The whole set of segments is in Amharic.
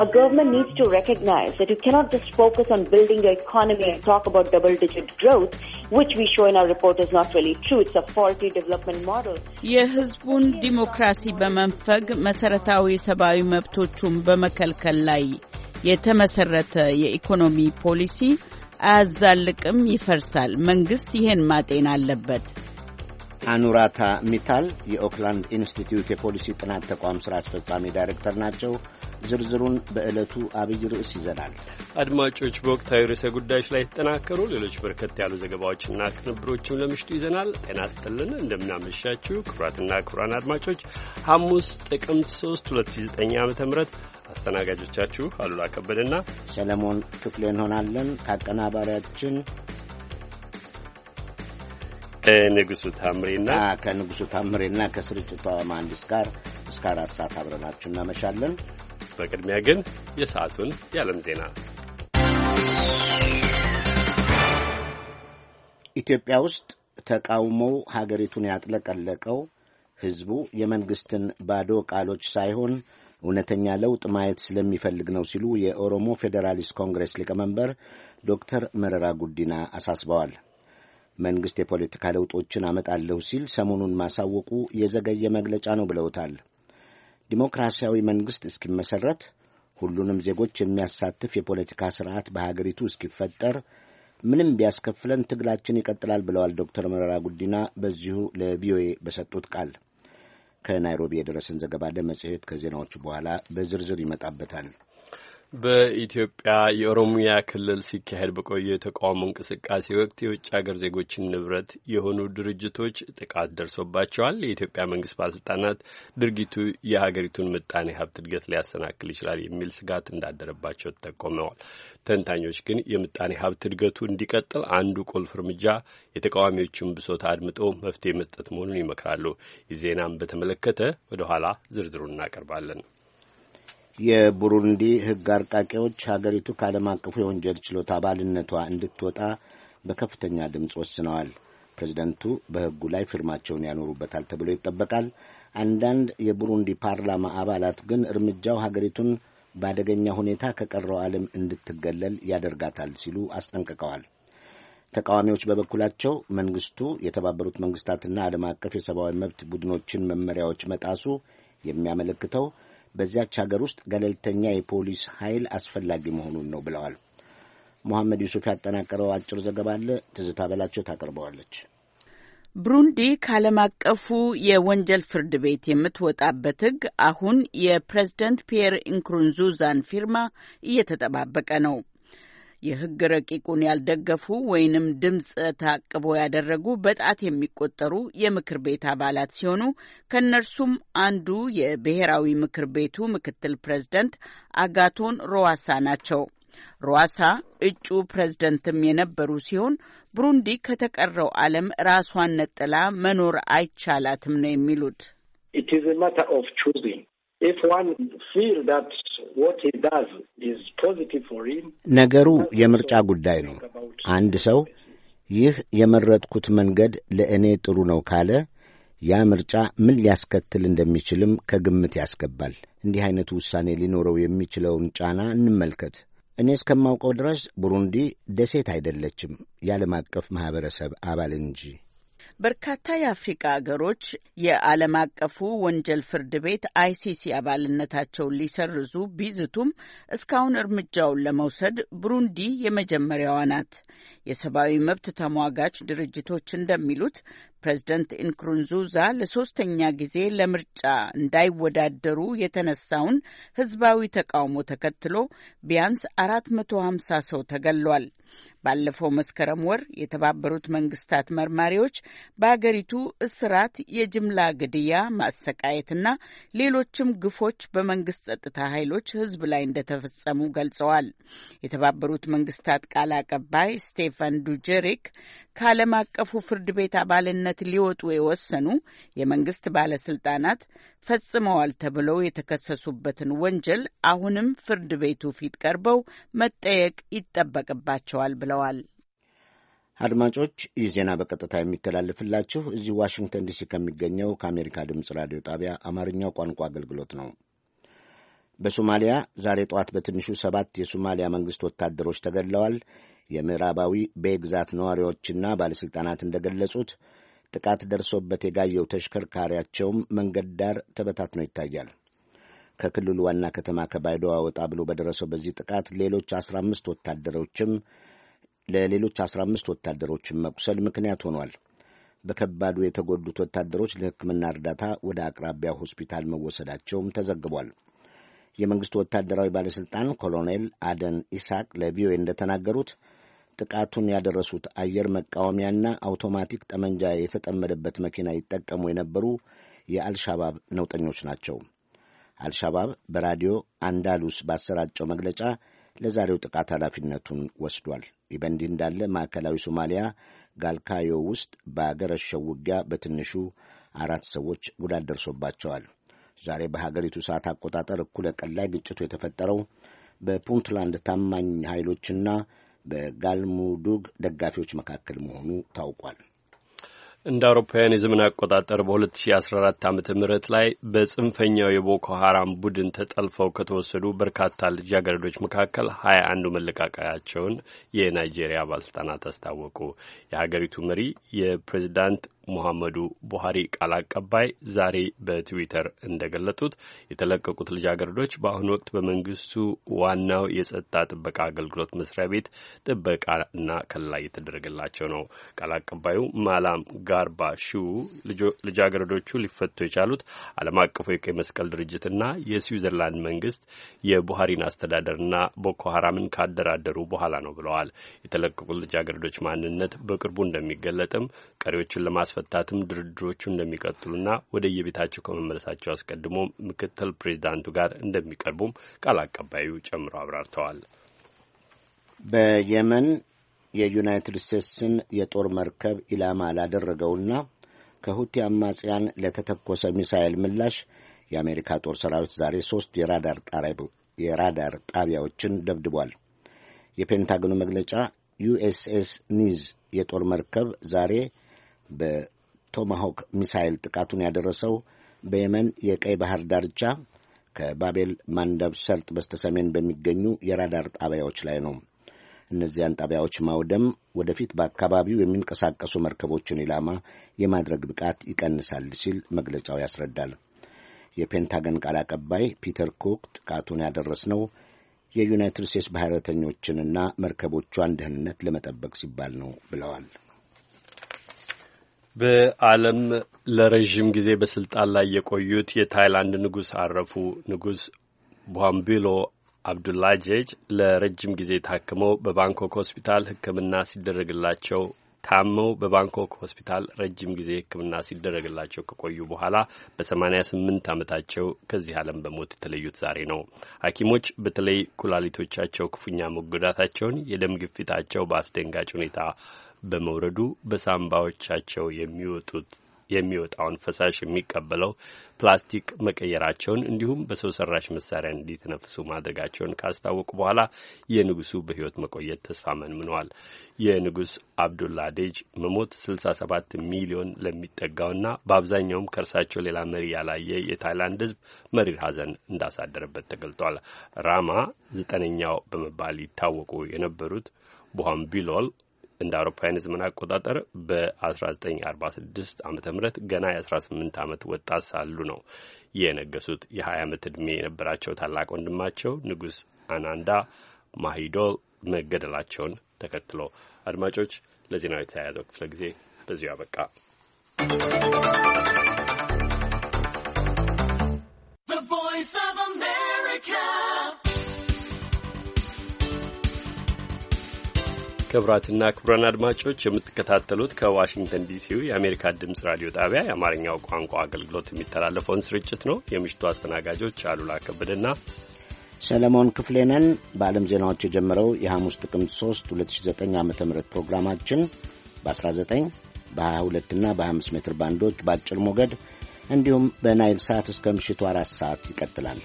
a government needs to recognize that you cannot just focus on building your economy and talk about double digit growth, which we show in our report is not really true. It's a faulty development model. የህዝቡን ዲሞክራሲ በመንፈግ መሰረታዊ ሰብአዊ መብቶቹን በመከልከል ላይ የተመሰረተ የኢኮኖሚ ፖሊሲ አያዛልቅም፣ ይፈርሳል። መንግስት ይህን ማጤን አለበት። አኑራታ ሚታል የኦክላንድ ኢንስቲትዩት የፖሊሲ ጥናት ተቋም ሥራ አስፈጻሚ ዳይሬክተር ናቸው። ዝርዝሩን በዕለቱ አብይ ርዕስ ይዘናል። አድማጮች፣ በወቅታዊ ርዕሰ ጉዳዮች ላይ የተጠናከሩ ሌሎች በርከት ያሉ ዘገባዎችና ቅንብሮችም ለምሽቱ ይዘናል። ጤና ይስጥልን፣ እንደምናመሻችሁ ክቡራትና ክቡራን አድማጮች ሐሙስ ጥቅምት 3 2009 ዓ ም አስተናጋጆቻችሁ አሉላ ከበደና ሰለሞን ክፍሌ እንሆናለን ከአቀናባሪያችን ከንጉሱ ታምሬና ከንጉሱ ታምሬና ከስርጭቷ መሀንዲስ ጋር እስከ አራት ሰዓት አብረናችሁ እናመሻለን። በቅድሚያ ግን የሰዓቱን የዓለም ዜና ኢትዮጵያ ውስጥ ተቃውሞው ሀገሪቱን ያጥለቀለቀው ሕዝቡ የመንግሥትን ባዶ ቃሎች ሳይሆን እውነተኛ ለውጥ ማየት ስለሚፈልግ ነው ሲሉ የኦሮሞ ፌዴራሊስት ኮንግሬስ ሊቀመንበር ዶክተር መረራ ጉዲና አሳስበዋል። መንግሥት የፖለቲካ ለውጦችን አመጣለሁ ሲል ሰሞኑን ማሳወቁ የዘገየ መግለጫ ነው ብለውታል። ዲሞክራሲያዊ መንግሥት እስኪመሠረት ሁሉንም ዜጎች የሚያሳትፍ የፖለቲካ ስርዓት በሀገሪቱ እስኪፈጠር ምንም ቢያስከፍለን ትግላችን ይቀጥላል ብለዋል ዶክተር መረራ ጉዲና በዚሁ ለቪኦኤ በሰጡት ቃል። ከናይሮቢ የደረሰን ዘገባ ለመጽሔት ከዜናዎቹ በኋላ በዝርዝር ይመጣበታል። በኢትዮጵያ የኦሮሚያ ክልል ሲካሄድ በቆየ የተቃውሞ እንቅስቃሴ ወቅት የውጭ ሀገር ዜጎችን ንብረት የሆኑ ድርጅቶች ጥቃት ደርሶባቸዋል። የኢትዮጵያ መንግስት ባለስልጣናት ድርጊቱ የሀገሪቱን ምጣኔ ሀብት እድገት ሊያሰናክል ይችላል የሚል ስጋት እንዳደረባቸው ተጠቆመዋል። ተንታኞች ግን የምጣኔ ሀብት እድገቱ እንዲቀጥል አንዱ ቁልፍ እርምጃ የተቃዋሚዎቹን ብሶት አድምጦ መፍትሄ መስጠት መሆኑን ይመክራሉ። የዜናም በተመለከተ ወደ ኋላ ዝርዝሩን እናቀርባለን። የቡሩንዲ ሕግ አርቃቂዎች ሀገሪቱ ከዓለም አቀፉ የወንጀል ችሎት አባልነቷ እንድትወጣ በከፍተኛ ድምፅ ወስነዋል። ፕሬዚደንቱ በሕጉ ላይ ፊርማቸውን ያኖሩበታል ተብሎ ይጠበቃል። አንዳንድ የቡሩንዲ ፓርላማ አባላት ግን እርምጃው ሀገሪቱን በአደገኛ ሁኔታ ከቀረው ዓለም እንድትገለል ያደርጋታል ሲሉ አስጠንቅቀዋል። ተቃዋሚዎች በበኩላቸው መንግስቱ የተባበሩት መንግስታትና ዓለም አቀፍ የሰብአዊ መብት ቡድኖችን መመሪያዎች መጣሱ የሚያመለክተው በዚያች ሀገር ውስጥ ገለልተኛ የፖሊስ ኃይል አስፈላጊ መሆኑን ነው ብለዋል። ሙሐመድ ዩሱፍ ያጠናቀረው አጭር ዘገባ አለ። ትዝታ በላቸው ታቀርበዋለች። ብሩንዲ ከዓለም አቀፉ የወንጀል ፍርድ ቤት የምትወጣበት ሕግ አሁን የፕሬዝደንት ፒየር ኢንክሩንዙዛን ፊርማ እየተጠባበቀ ነው። የህግ ረቂቁን ያልደገፉ ወይንም ድምፅ ታቅቦ ያደረጉ በጣት የሚቆጠሩ የምክር ቤት አባላት ሲሆኑ ከእነርሱም አንዱ የብሔራዊ ምክር ቤቱ ምክትል ፕሬዝደንት አጋቶን ሮዋሳ ናቸው። ሮዋሳ እጩ ፕሬዝደንትም የነበሩ ሲሆን ብሩንዲ ከተቀረው ዓለም ራሷን ነጥላ መኖር አይቻላትም ነው የሚሉት። ነገሩ የምርጫ ጉዳይ ነው። አንድ ሰው ይህ የመረጥኩት መንገድ ለእኔ ጥሩ ነው ካለ ያ ምርጫ ምን ሊያስከትል እንደሚችልም ከግምት ያስገባል። እንዲህ አይነቱ ውሳኔ ሊኖረው የሚችለውን ጫና እንመልከት። እኔ እስከማውቀው ድረስ ቡሩንዲ ደሴት አይደለችም፣ የዓለም አቀፍ ማኅበረሰብ አባል እንጂ በርካታ የአፍሪቃ አገሮች የዓለም አቀፉ ወንጀል ፍርድ ቤት አይሲሲ አባልነታቸውን ሊሰርዙ ቢዝቱም እስካሁን እርምጃውን ለመውሰድ ብሩንዲ የመጀመሪያዋ ናት። የሰብአዊ መብት ተሟጋች ድርጅቶች እንደሚሉት ፕሬዝደንት ኢንክሩንዙዛ ለሶስተኛ ጊዜ ለምርጫ እንዳይወዳደሩ የተነሳውን ህዝባዊ ተቃውሞ ተከትሎ ቢያንስ 450 ሰው ተገሏል። ባለፈው መስከረም ወር የተባበሩት መንግስታት መርማሪዎች በአገሪቱ እስራት፣ የጅምላ ግድያ፣ ማሰቃየትና ሌሎችም ግፎች በመንግስት ጸጥታ ኃይሎች ህዝብ ላይ እንደተፈጸሙ ገልጸዋል። የተባበሩት መንግስታት ቃል አቀባይ ስቴፋን ዱጀሪክ ከዓለም አቀፉ ፍርድ ቤት አባልነት ሊወጡ የወሰኑ የመንግስት ባለስልጣናት ፈጽመዋል ተብለው የተከሰሱበትን ወንጀል አሁንም ፍርድ ቤቱ ፊት ቀርበው መጠየቅ ይጠበቅባቸዋል ብለዋል። አድማጮች ይህ ዜና በቀጥታ የሚተላለፍላችሁ እዚህ ዋሽንግተን ዲሲ ከሚገኘው ከአሜሪካ ድምፅ ራዲዮ ጣቢያ አማርኛው ቋንቋ አገልግሎት ነው። በሶማሊያ ዛሬ ጠዋት በትንሹ ሰባት የሶማሊያ መንግስት ወታደሮች ተገድለዋል። የምዕራባዊ ቤ ግዛት ነዋሪዎችና ባለሥልጣናት እንደገለጹት ጥቃት ደርሶበት የጋየው ተሽከርካሪያቸውም መንገድ ዳር ተበታትኖ ይታያል። ከክልሉ ዋና ከተማ ከባይዶዋ ወጣ ብሎ በደረሰው በዚህ ጥቃት ሌሎች 15 ወታደሮችም ለሌሎች አምስት ወታደሮችም መቁሰል ምክንያት ሆኗል። በከባዱ የተጎዱት ወታደሮች ለሕክምና እርዳታ ወደ አቅራቢያ ሆስፒታል መወሰዳቸውም ተዘግቧል። የመንግስቱ ወታደራዊ ባለሥልጣን ኮሎኔል አደን ኢስሐቅ ለቪኦኤ እንደተናገሩት ጥቃቱን ያደረሱት አየር መቃወሚያና አውቶማቲክ ጠመንጃ የተጠመደበት መኪና ይጠቀሙ የነበሩ የአልሻባብ ነውጠኞች ናቸው። አልሻባብ በራዲዮ አንዳሉስ ባሰራጨው መግለጫ ለዛሬው ጥቃት ኃላፊነቱን ወስዷል። ይህ በእንዲህ እንዳለ ማዕከላዊ ሶማሊያ ጋልካዮ ውስጥ በአገረሸው ውጊያ በትንሹ አራት ሰዎች ጉዳት ደርሶባቸዋል። ዛሬ በሀገሪቱ ሰዓት አቆጣጠር እኩለ ቀን ላይ ግጭቱ የተፈጠረው በፑንትላንድ ታማኝ ኃይሎችና በጋልሙዱግ ደጋፊዎች መካከል መሆኑ ታውቋል። እንደ አውሮፓውያን የዘመን አቆጣጠር በ2014 ዓ ም ላይ በጽንፈኛው የቦኮ ሀራም ቡድን ተጠልፈው ከተወሰዱ በርካታ ልጃገረዶች መካከል ሀያ አንዱ መለቃቀያቸውን የናይጄሪያ ባለስልጣናት አስታወቁ። የሀገሪቱ መሪ የፕሬዚዳንት ሙሐመዱ ቡሃሪ ቃል አቀባይ ዛሬ በትዊተር እንደገለጡት የተለቀቁት ልጃገረዶች በአሁኑ ወቅት በመንግስቱ ዋናው የጸጥታ ጥበቃ አገልግሎት መስሪያ ቤት ጥበቃና ከለላ እየተደረገላቸው ነው። ቃል አቀባዩ ማላም ጋርባ ሺው ልጃገረዶቹ ሊፈቱ የቻሉት ዓለም አቀፉ የቀይ መስቀል ድርጅትና የስዊዘርላንድ መንግስት የቡሃሪን አስተዳደርና ቦኮ ሀራምን ካደራደሩ በኋላ ነው ብለዋል። የተለቀቁት ልጃገረዶች ማንነት በቅርቡ እንደሚገለጥም ቀሪዎችን ለማስ ለማስፈታትም ድርድሮቹ እንደሚቀጥሉና ወደ የቤታቸው ከመመለሳቸው አስቀድሞ ምክትል ፕሬዚዳንቱ ጋር እንደሚቀርቡም ቃል አቀባዩ ጨምሮ አብራርተዋል። በየመን የዩናይትድ ስቴትስን የጦር መርከብ ኢላማ ላደረገውና ከሁቲ አማጽያን ለተተኮሰ ሚሳኤል ምላሽ የአሜሪካ ጦር ሰራዊት ዛሬ ሶስት የራዳር ጣቢያዎችን ደብድቧል። የፔንታጎኑ መግለጫ ዩኤስኤስ ኒዝ የጦር መርከብ ዛሬ በቶማሆክ ሚሳይል ጥቃቱን ያደረሰው በየመን የቀይ ባህር ዳርቻ ከባቤል ማንደብ ሰርጥ በስተሰሜን በሚገኙ የራዳር ጣቢያዎች ላይ ነው። እነዚያን ጣቢያዎች ማውደም ወደፊት በአካባቢው የሚንቀሳቀሱ መርከቦችን ኢላማ የማድረግ ብቃት ይቀንሳል ሲል መግለጫው ያስረዳል። የፔንታገን ቃል አቀባይ ፒተር ኮክ ጥቃቱን ያደረስነው የዩናይትድ ስቴትስ ባህረተኞችንና መርከቦቿን ደህንነት ለመጠበቅ ሲባል ነው ብለዋል። በዓለም ለረዥም ጊዜ በስልጣን ላይ የቆዩት የታይላንድ ንጉሥ አረፉ። ንጉሥ ቧምቢሎ አብዱላጄጅ ለረጅም ጊዜ ታክመው በባንኮክ ሆስፒታል ሕክምና ሲደረግላቸው ታመው በባንኮክ ሆስፒታል ረጅም ጊዜ ሕክምና ሲደረግላቸው ከቆዩ በኋላ በ88 ዓመታቸው ከዚህ ዓለም በሞት የተለዩት ዛሬ ነው። ሐኪሞች በተለይ ኩላሊቶቻቸው ክፉኛ መጎዳታቸውን የደም ግፊታቸው በአስደንጋጭ ሁኔታ በመውረዱ በሳምባዎቻቸው የሚወጡት የሚወጣውን ፈሳሽ የሚቀበለው ፕላስቲክ መቀየራቸውን እንዲሁም በሰው ሰራሽ መሳሪያ እንዲተነፍሱ ማድረጋቸውን ካስታወቁ በኋላ የንጉሱ በሕይወት መቆየት ተስፋ መንምነዋል። የንጉስ አብዱላ ዴጅ መሞት 67 ሚሊዮን ለሚጠጋውና በአብዛኛውም ከእርሳቸው ሌላ መሪ ያላየ የታይላንድ ሕዝብ መሪር ሐዘን እንዳሳደረበት ተገልጧል። ራማ ዘጠነኛው በመባል ይታወቁ የነበሩት ቢሎል። እንደ አውሮፓውያን ዘመን አቆጣጠር በ1946 ዓ ም ገና የ18 ዓመት ወጣት ሳሉ ነው የነገሱት። የ20 ዓመት ዕድሜ የነበራቸው ታላቅ ወንድማቸው ንጉሥ አናንዳ ማሂዶል መገደላቸውን ተከትሎ አድማጮች፣ ለዜናው የተያያዘው ክፍለ ጊዜ በዚሁ አበቃ። ክቡራትና ክቡራን አድማጮች የምትከታተሉት ከዋሽንግተን ዲሲው የአሜሪካ ድምጽ ራዲዮ ጣቢያ የአማርኛው ቋንቋ አገልግሎት የሚተላለፈውን ስርጭት ነው። የምሽቱ አስተናጋጆች አሉላ ከበደና ሰለሞን ክፍሌነን። በዓለም ዜናዎች የጀመረው የሐሙስ ጥቅምት 3 2009 ዓ ም ፕሮግራማችን በ19 በ22ና በ25 ሜትር ባንዶች በአጭር ሞገድ እንዲሁም በናይል ሰዓት እስከ ምሽቱ አራት ሰዓት ይቀጥላል።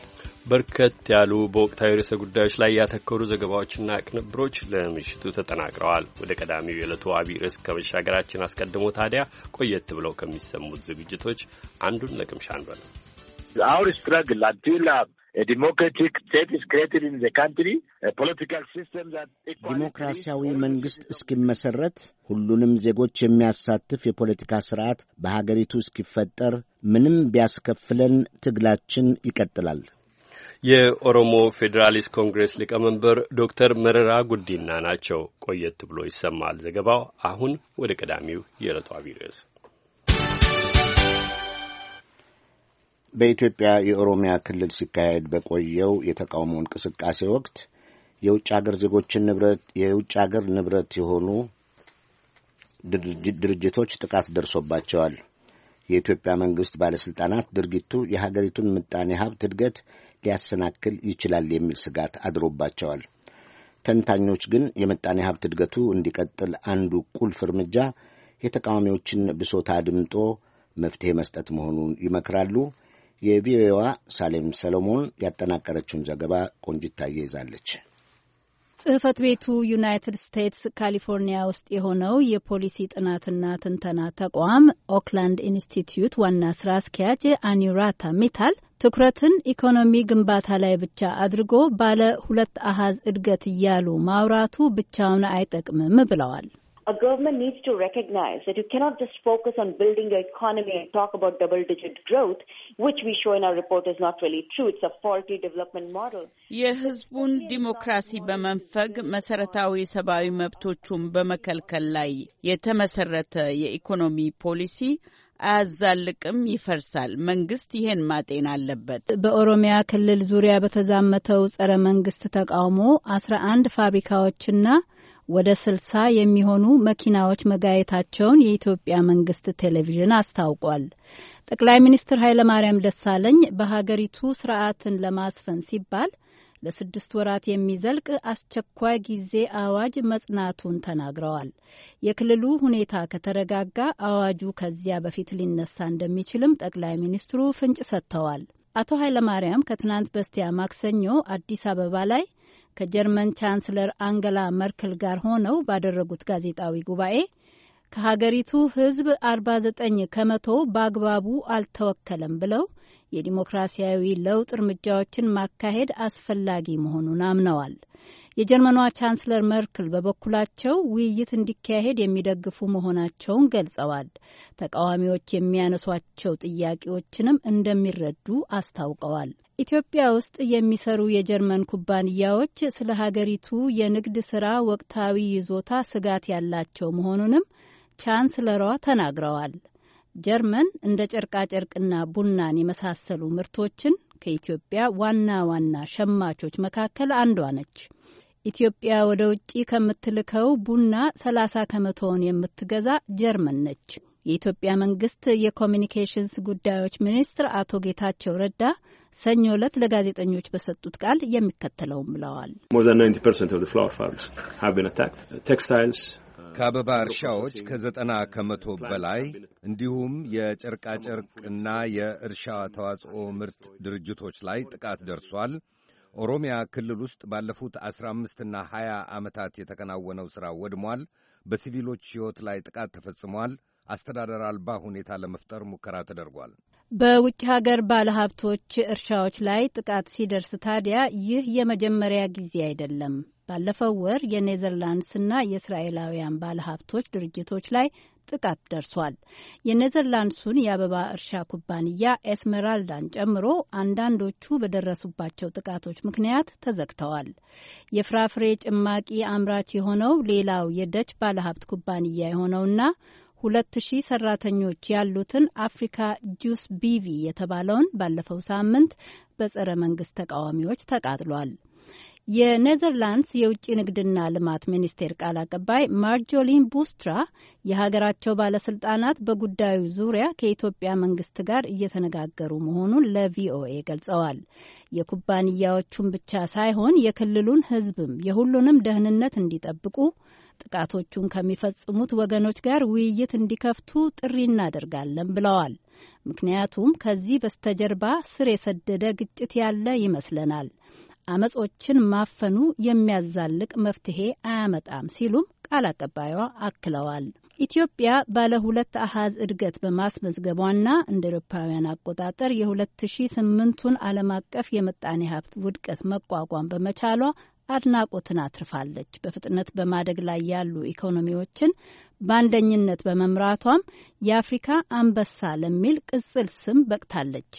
በርከት ያሉ በወቅታዊ ርዕሰ ጉዳዮች ላይ ያተኮሩ ዘገባዎችና ቅንብሮች ለምሽቱ ተጠናቅረዋል። ወደ ቀዳሚው የዕለቱ አብይ ርዕስ ከመሻገራችን አስቀድሞ ታዲያ ቆየት ብለው ከሚሰሙት ዝግጅቶች አንዱን ለቅምሻ አንበል። አውር ስትራግል አዲላ ዲሞክራሲያዊ መንግሥት እስኪመሠረት ሁሉንም ዜጎች የሚያሳትፍ የፖለቲካ ሥርዓት በሀገሪቱ እስኪፈጠር ምንም ቢያስከፍለን ትግላችን ይቀጥላል። የኦሮሞ ፌዴራሊስት ኮንግሬስ ሊቀመንበር ዶክተር መረራ ጉዲና ናቸው። ቆየት ብሎ ይሰማል ዘገባው። አሁን ወደ ቀዳሚው የዕለቱ አብይ ርዕስ በኢትዮጵያ የኦሮሚያ ክልል ሲካሄድ በቆየው የተቃውሞ እንቅስቃሴ ወቅት የውጭ አገር ዜጎችን ንብረት የውጭ አገር ንብረት የሆኑ ድርጅቶች ጥቃት ደርሶባቸዋል። የኢትዮጵያ መንግሥት ባለሥልጣናት ድርጊቱ የሀገሪቱን ምጣኔ ሀብት እድገት ሊያሰናክል ይችላል የሚል ስጋት አድሮባቸዋል። ተንታኞች ግን የምጣኔ ሀብት እድገቱ እንዲቀጥል አንዱ ቁልፍ እርምጃ የተቃዋሚዎችን ብሶታ አድምጦ መፍትሄ መስጠት መሆኑን ይመክራሉ። የቪኦኤዋ ሳሌም ሰሎሞን ያጠናቀረችውን ዘገባ ቆንጅታ ይዛለች። ጽህፈት ቤቱ ዩናይትድ ስቴትስ ካሊፎርኒያ ውስጥ የሆነው የፖሊሲ ጥናትና ትንተና ተቋም ኦክላንድ ኢንስቲትዩት ዋና ስራ አስኪያጅ አኒራታ ሜታል ትኩረትን ኢኮኖሚ ግንባታ ላይ ብቻ አድርጎ ባለ ሁለት አሃዝ እድገት እያሉ ማውራቱ ብቻውን አይጠቅምም ብለዋል። የህዝቡን ዲሞክራሲ በመንፈግ መሰረታዊ ሰብአዊ መብቶቹን በመከልከል ላይ የተመሰረተ የኢኮኖሚ ፖሊሲ አያዛልቅም፣ ይፈርሳል። መንግስት ይህን ማጤን አለበት። በኦሮሚያ ክልል ዙሪያ በተዛመተው ጸረ መንግስት ተቃውሞ አስራ አንድ ፋብሪካዎችና ወደ ስልሳ የሚሆኑ መኪናዎች መጋየታቸውን የኢትዮጵያ መንግስት ቴሌቪዥን አስታውቋል። ጠቅላይ ሚኒስትር ኃይለማርያም ደሳለኝ በሀገሪቱ ስርዓትን ለማስፈን ሲባል ለስድስት ወራት የሚዘልቅ አስቸኳይ ጊዜ አዋጅ መጽናቱን ተናግረዋል። የክልሉ ሁኔታ ከተረጋጋ አዋጁ ከዚያ በፊት ሊነሳ እንደሚችልም ጠቅላይ ሚኒስትሩ ፍንጭ ሰጥተዋል። አቶ ኃይለማርያም ከትናንት በስቲያ ማክሰኞ አዲስ አበባ ላይ ከጀርመን ቻንስለር አንገላ መርክል ጋር ሆነው ባደረጉት ጋዜጣዊ ጉባኤ ከሀገሪቱ ሕዝብ 49 ከመቶ በአግባቡ አልተወከለም ብለው የዲሞክራሲያዊ ለውጥ እርምጃዎችን ማካሄድ አስፈላጊ መሆኑን አምነዋል። የጀርመኗ ቻንስለር መርክል በበኩላቸው ውይይት እንዲካሄድ የሚደግፉ መሆናቸውን ገልጸዋል። ተቃዋሚዎች የሚያነሷቸው ጥያቄዎችንም እንደሚረዱ አስታውቀዋል። ኢትዮጵያ ውስጥ የሚሰሩ የጀርመን ኩባንያዎች ስለ ሀገሪቱ የንግድ ስራ ወቅታዊ ይዞታ ስጋት ያላቸው መሆኑንም ቻንስለሯ ተናግረዋል። ጀርመን እንደ ጨርቃጨርቅና ቡናን የመሳሰሉ ምርቶችን ከኢትዮጵያ ዋና ዋና ሸማቾች መካከል አንዷ ነች። ኢትዮጵያ ወደ ውጭ ከምትልከው ቡና 30 ከመቶውን የምትገዛ ጀርመን ነች። የኢትዮጵያ መንግስት የኮሚኒኬሽንስ ጉዳዮች ሚኒስትር አቶ ጌታቸው ረዳ ሰኞ ዕለት ለጋዜጠኞች በሰጡት ቃል የሚከተለውም ብለዋል። ከአበባ እርሻዎች ከዘጠና ከመቶ በላይ እንዲሁም የጨርቃጨርቅና የእርሻ ተዋጽኦ ምርት ድርጅቶች ላይ ጥቃት ደርሷል። ኦሮሚያ ክልል ውስጥ ባለፉት ዐሥራ አምስትና ሀያ ዓመታት የተከናወነው ሥራ ወድሟል። በሲቪሎች ሕይወት ላይ ጥቃት ተፈጽሟል። አስተዳደር አልባ ሁኔታ ለመፍጠር ሙከራ ተደርጓል። በውጭ ሀገር ባለሀብቶች እርሻዎች ላይ ጥቃት ሲደርስ ታዲያ ይህ የመጀመሪያ ጊዜ አይደለም። ባለፈው ወር የኔዘርላንድስና የእስራኤላውያን ባለሀብቶች ድርጅቶች ላይ ጥቃት ደርሷል። የኔዘርላንድሱን የአበባ እርሻ ኩባንያ ኤስሜራልዳን ጨምሮ አንዳንዶቹ በደረሱባቸው ጥቃቶች ምክንያት ተዘግተዋል። የፍራፍሬ ጭማቂ አምራች የሆነው ሌላው የደች ባለሀብት ኩባንያ የሆነውና ሁለት ሺህ ሰራተኞች ያሉትን አፍሪካ ጁስ ቢቪ የተባለውን ባለፈው ሳምንት በጸረ መንግስት ተቃዋሚዎች ተቃጥሏል። የኔዘርላንድስ የውጭ ንግድና ልማት ሚኒስቴር ቃል አቀባይ ማርጆሊን ቡስትራ የሀገራቸው ባለስልጣናት በጉዳዩ ዙሪያ ከኢትዮጵያ መንግስት ጋር እየተነጋገሩ መሆኑን ለቪኦኤ ገልጸዋል። የኩባንያዎቹን ብቻ ሳይሆን የክልሉን ሕዝብም የሁሉንም ደህንነት እንዲጠብቁ ጥቃቶቹን ከሚፈጽሙት ወገኖች ጋር ውይይት እንዲከፍቱ ጥሪ እናደርጋለን ብለዋል። ምክንያቱም ከዚህ በስተጀርባ ስር የሰደደ ግጭት ያለ ይመስለናል። አመጾችን ማፈኑ የሚያዛልቅ መፍትሄ አያመጣም ሲሉም ቃል አቀባዩዋ አክለዋል። ኢትዮጵያ ባለ ሁለት አሃዝ እድገት በማስመዝገቧና እንደ ኤሮፓውያን አቆጣጠር የ2008ቱን ዓለም አቀፍ የምጣኔ ሀብት ውድቀት መቋቋም በመቻሏ አድናቆትን አትርፋለች። በፍጥነት በማደግ ላይ ያሉ ኢኮኖሚዎችን በአንደኝነት በመምራቷም የአፍሪካ አንበሳ ለሚል ቅጽል ስም በቅታለች።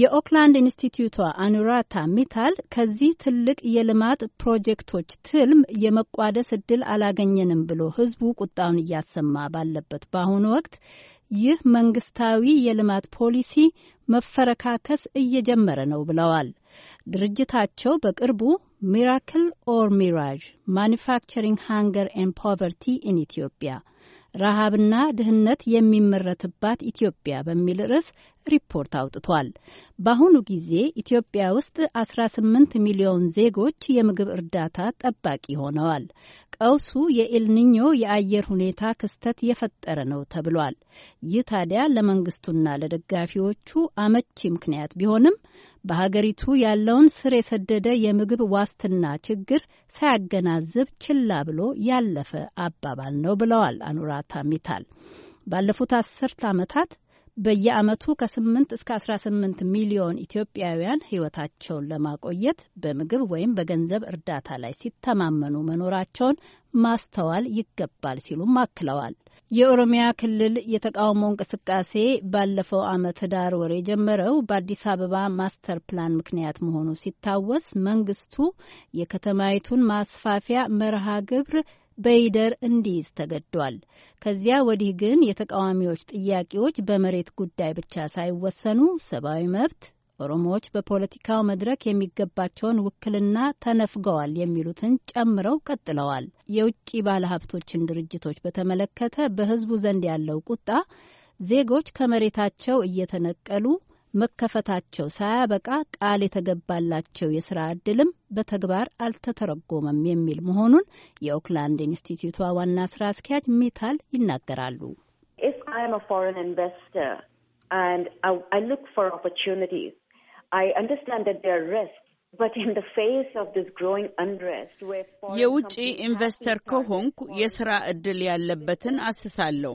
የኦክላንድ ኢንስቲትዩቷ አኑራታ ሚታል ከዚህ ትልቅ የልማት ፕሮጀክቶች ትልም የመቋደስ እድል አላገኘንም ብሎ ህዝቡ ቁጣውን እያሰማ ባለበት በአሁኑ ወቅት ይህ መንግስታዊ የልማት ፖሊሲ መፈረካከስ እየጀመረ ነው ብለዋል። ድርጅታቸው በቅርቡ ሚራክል ኦር ሚራጅ ማኒፋክቸሪንግ ሃንገር ኤንድ ፖቨርቲ ኢን ኢትዮጵያ ረሃብና ድህነት የሚመረትባት ኢትዮጵያ በሚል ርዕስ ሪፖርት አውጥቷል። በአሁኑ ጊዜ ኢትዮጵያ ውስጥ 18 ሚሊዮን ዜጎች የምግብ እርዳታ ጠባቂ ሆነዋል። ቀውሱ የኤልኒኞ የአየር ሁኔታ ክስተት የፈጠረ ነው ተብሏል። ይህ ታዲያ ለመንግስቱና ለደጋፊዎቹ አመቺ ምክንያት ቢሆንም በሀገሪቱ ያለውን ስር የሰደደ የምግብ ዋስትና ችግር ሳያገናዝብ ችላ ብሎ ያለፈ አባባል ነው ብለዋል አኑራታ ሚታል። ባለፉት አስርት ዓመታት በየዓመቱ ከ8 እስከ 18 ሚሊዮን ኢትዮጵያውያን ሕይወታቸውን ለማቆየት በምግብ ወይም በገንዘብ እርዳታ ላይ ሲተማመኑ መኖራቸውን ማስተዋል ይገባል ሲሉም አክለዋል። የኦሮሚያ ክልል የተቃውሞ እንቅስቃሴ ባለፈው ዓመት ህዳር ወር የጀመረው በአዲስ አበባ ማስተር ፕላን ምክንያት መሆኑ ሲታወስ መንግስቱ የከተማይቱን ማስፋፊያ መርሃ ግብር በይደር እንዲይዝ ተገዷል። ከዚያ ወዲህ ግን የተቃዋሚዎች ጥያቄዎች በመሬት ጉዳይ ብቻ ሳይወሰኑ ሰብአዊ መብት፣ ኦሮሞዎች በፖለቲካው መድረክ የሚገባቸውን ውክልና ተነፍገዋል የሚሉትን ጨምረው ቀጥለዋል። የውጭ ባለሀብቶችን ድርጅቶች በተመለከተ በህዝቡ ዘንድ ያለው ቁጣ ዜጎች ከመሬታቸው እየተነቀሉ መከፈታቸው ሳያበቃ ቃል የተገባላቸው የስራ እድልም በተግባር አልተተረጎመም የሚል መሆኑን የኦክላንድ ኢንስቲትዩቷ ዋና ስራ አስኪያጅ ሚታል ይናገራሉ። የውጭ ኢንቨስተር ከሆንኩ የስራ እድል ያለበትን አስሳለሁ።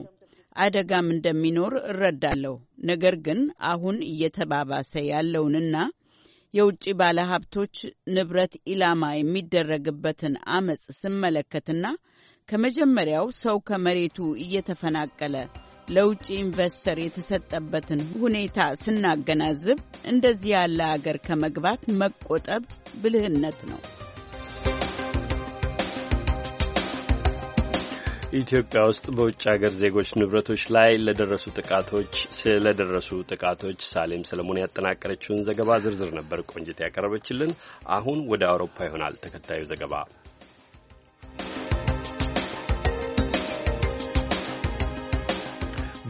አደጋም እንደሚኖር እረዳለሁ። ነገር ግን አሁን እየተባባሰ ያለውንና የውጭ ባለሀብቶች ንብረት ኢላማ የሚደረግበትን አመፅ ስመለከትና ከመጀመሪያው ሰው ከመሬቱ እየተፈናቀለ ለውጭ ኢንቨስተር የተሰጠበትን ሁኔታ ስናገናዝብ እንደዚህ ያለ አገር ከመግባት መቆጠብ ብልህነት ነው። ኢትዮጵያ ውስጥ በውጭ ሀገር ዜጎች ንብረቶች ላይ ለደረሱ ጥቃቶች ስለደረሱ ጥቃቶች ሳሌም ሰለሞን ያጠናቀረችውን ዘገባ ዝርዝር ነበር ቆንጅት ያቀረበችልን። አሁን ወደ አውሮፓ ይሆናል ተከታዩ ዘገባ።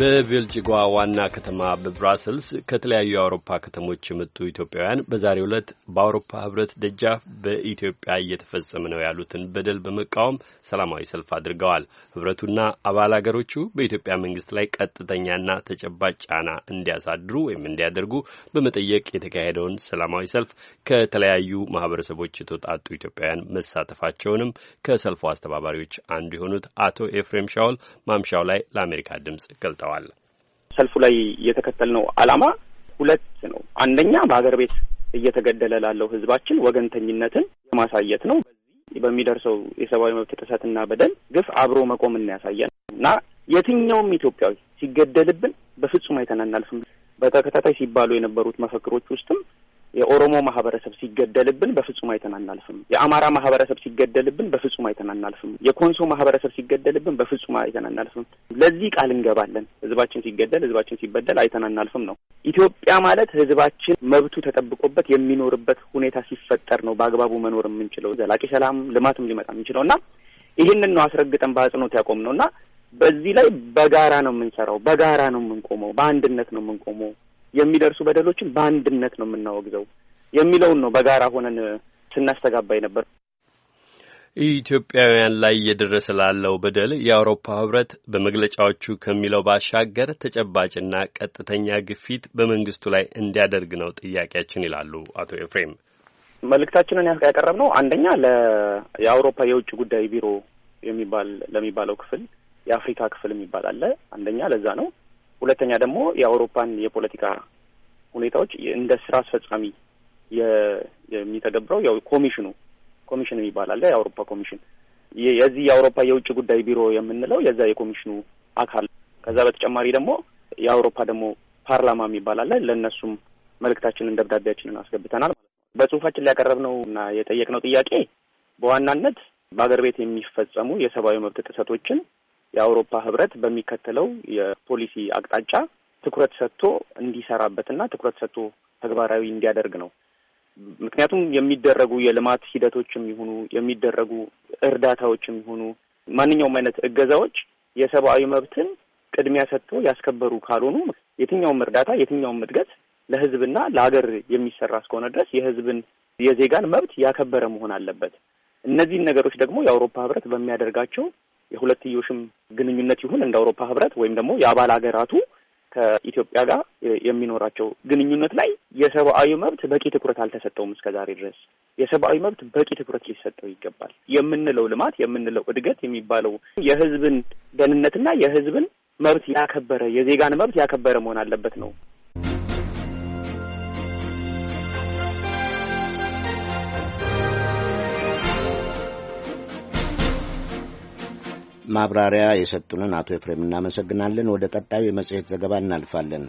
በቤልጅጓ ዋና ከተማ በብራስልስ ከተለያዩ የአውሮፓ ከተሞች የመጡ ኢትዮጵያውያን በዛሬው ዕለት በአውሮፓ ህብረት ደጃፍ በኢትዮጵያ እየተፈጸመ ነው ያሉትን በደል በመቃወም ሰላማዊ ሰልፍ አድርገዋል። ህብረቱና አባል አገሮቹ በኢትዮጵያ መንግስት ላይ ቀጥተኛና ተጨባጭ ጫና እንዲያሳድሩ ወይም እንዲያደርጉ በመጠየቅ የተካሄደውን ሰላማዊ ሰልፍ ከተለያዩ ማህበረሰቦች የተውጣጡ ኢትዮጵያውያን መሳተፋቸውንም ከሰልፉ አስተባባሪዎች አንዱ የሆኑት አቶ ኤፍሬም ሻውል ማምሻው ላይ ለአሜሪካ ድምጽ ገልጠዋል። ገልጸዋል። ሰልፉ ላይ የተከተልነው ዓላማ ሁለት ነው። አንደኛ በሀገር ቤት እየተገደለ ላለው ህዝባችን ወገንተኝነትን የማሳየት ነው። በዚህ በሚደርሰው የሰብአዊ መብት ጥሰትና በደል ግፍ አብሮ መቆም ነው እና የትኛውም ኢትዮጵያዊ ሲገደልብን በፍጹም አይተን አናልፍም። በተከታታይ ሲባሉ የነበሩት መፈክሮች ውስጥም የኦሮሞ ማህበረሰብ ሲገደልብን በፍጹም አይተን አናልፍም። የአማራ ማህበረሰብ ሲገደልብን በፍጹም አይተን አናልፍም። የኮንሶ ማህበረሰብ ሲገደልብን በፍጹም አይተን አናልፍም። ለዚህ ቃል እንገባለን። ህዝባችን ሲገደል፣ ህዝባችን ሲበደል አይተን አናልፍም ነው። ኢትዮጵያ ማለት ህዝባችን መብቱ ተጠብቆበት የሚኖርበት ሁኔታ ሲፈጠር ነው በአግባቡ መኖር የምንችለው ዘላቂ ሰላም ልማትም ሊመጣ የምንችለው እና ይህንን ነው አስረግጠን በአጽንኦት ያቆም ነው እና በዚህ ላይ በጋራ ነው የምንሰራው፣ በጋራ ነው የምንቆመው፣ በአንድነት ነው የምንቆመው። የሚደርሱ በደሎችን በአንድነት ነው የምናወግዘው የሚለውን ነው በጋራ ሆነን ስናስተጋባይ ነበር። ኢትዮጵያውያን ላይ እየደረሰ ላለው በደል የአውሮፓ ህብረት በመግለጫዎቹ ከሚለው ባሻገር ተጨባጭና ቀጥተኛ ግፊት በመንግስቱ ላይ እንዲያደርግ ነው ጥያቄያችን ይላሉ አቶ ኤፍሬም። መልእክታችንን ያቀረብነው አንደኛ የአውሮፓ የውጭ ጉዳይ ቢሮ የሚባል ለሚባለው ክፍል የአፍሪካ ክፍል የሚባል አለ። አንደኛ ለዛ ነው። ሁለተኛ ደግሞ የአውሮፓን የፖለቲካ ሁኔታዎች እንደ ስራ አስፈጻሚ የሚተገብረው ያው ኮሚሽኑ ኮሚሽን የሚባል አለ። የአውሮፓ ኮሚሽን የዚህ የአውሮፓ የውጭ ጉዳይ ቢሮ የምንለው የዛ የኮሚሽኑ አካል። ከዛ በተጨማሪ ደግሞ የአውሮፓ ደግሞ ፓርላማ የሚባል አለ። ለእነሱም መልእክታችንን ደብዳቤያችንን አስገብተናል ማለት ነው። በጽሁፋችን ላይ ያቀረብነው እና የጠየቅነው ጥያቄ በዋናነት በሀገር ቤት የሚፈጸሙ የሰብአዊ መብት ጥሰቶችን የአውሮፓ ህብረት በሚከተለው የፖሊሲ አቅጣጫ ትኩረት ሰጥቶ እንዲሰራበትና ትኩረት ሰጥቶ ተግባራዊ እንዲያደርግ ነው። ምክንያቱም የሚደረጉ የልማት ሂደቶችም ይሁኑ የሚደረጉ እርዳታዎችም ይሁኑ ማንኛውም አይነት እገዛዎች የሰብአዊ መብትን ቅድሚያ ሰጥቶ ያስከበሩ ካልሆኑ የትኛውም እርዳታ የትኛውም እድገት ለህዝብና ለሀገር የሚሰራ እስከሆነ ድረስ የህዝብን የዜጋን መብት ያከበረ መሆን አለበት። እነዚህን ነገሮች ደግሞ የአውሮፓ ህብረት በሚያደርጋቸው የሁለትዮሽም ግንኙነት ይሁን እንደ አውሮፓ ህብረት ወይም ደግሞ የአባል ሀገራቱ ከኢትዮጵያ ጋር የሚኖራቸው ግንኙነት ላይ የሰብአዊ መብት በቂ ትኩረት አልተሰጠውም እስከ ዛሬ ድረስ። የሰብአዊ መብት በቂ ትኩረት ሊሰጠው ይገባል። የምንለው ልማት የምንለው እድገት የሚባለው የህዝብን ደህንነትና የህዝብን መብት ያከበረ የዜጋን መብት ያከበረ መሆን አለበት ነው ማብራሪያ የሰጡንን አቶ ኤፍሬም እናመሰግናለን። ወደ ቀጣዩ የመጽሔት ዘገባ እናልፋለን።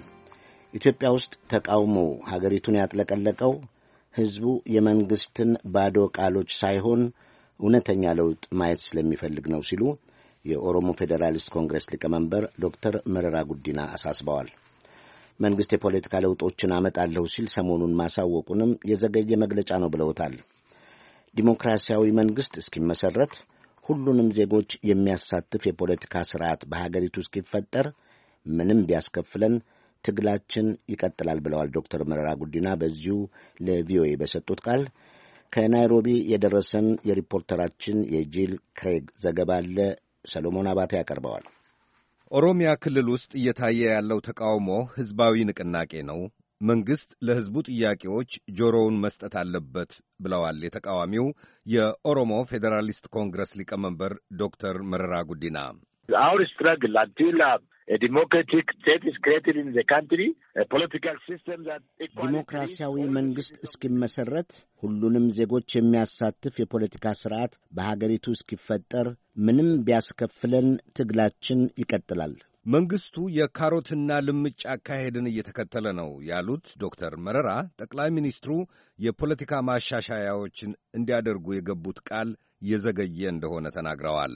ኢትዮጵያ ውስጥ ተቃውሞ ሀገሪቱን ያጥለቀለቀው ሕዝቡ የመንግሥትን ባዶ ቃሎች ሳይሆን እውነተኛ ለውጥ ማየት ስለሚፈልግ ነው ሲሉ የኦሮሞ ፌዴራሊስት ኮንግረስ ሊቀመንበር ዶክተር መረራ ጉዲና አሳስበዋል። መንግሥት የፖለቲካ ለውጦችን አመጣለሁ ሲል ሰሞኑን ማሳወቁንም የዘገየ መግለጫ ነው ብለውታል። ዲሞክራሲያዊ መንግሥት እስኪመሠረት ሁሉንም ዜጎች የሚያሳትፍ የፖለቲካ ስርዓት በሀገሪቱ እስኪፈጠር ምንም ቢያስከፍለን ትግላችን ይቀጥላል ብለዋል ዶክተር መረራ ጉዲና በዚሁ ለቪኦኤ በሰጡት ቃል። ከናይሮቢ የደረሰን የሪፖርተራችን የጂል ክሬግ ዘገባ አለ። ሰሎሞን አባተ ያቀርበዋል። ኦሮሚያ ክልል ውስጥ እየታየ ያለው ተቃውሞ ሕዝባዊ ንቅናቄ ነው፣ መንግሥት ለሕዝቡ ጥያቄዎች ጆሮውን መስጠት አለበት ብለዋል የተቃዋሚው የኦሮሞ ፌዴራሊስት ኮንግረስ ሊቀመንበር ዶክተር መረራ ጉዲና። አውር ስትራግል አንቲል ዲሞክራሲያዊ መንግሥት እስኪመሠረት ሁሉንም ዜጎች የሚያሳትፍ የፖለቲካ ሥርዓት በሀገሪቱ እስኪፈጠር ምንም ቢያስከፍለን ትግላችን ይቀጥላል። መንግሥቱ የካሮትና ልምጭ አካሄድን እየተከተለ ነው ያሉት ዶክተር መረራ ጠቅላይ ሚኒስትሩ የፖለቲካ ማሻሻያዎችን እንዲያደርጉ የገቡት ቃል የዘገየ እንደሆነ ተናግረዋል።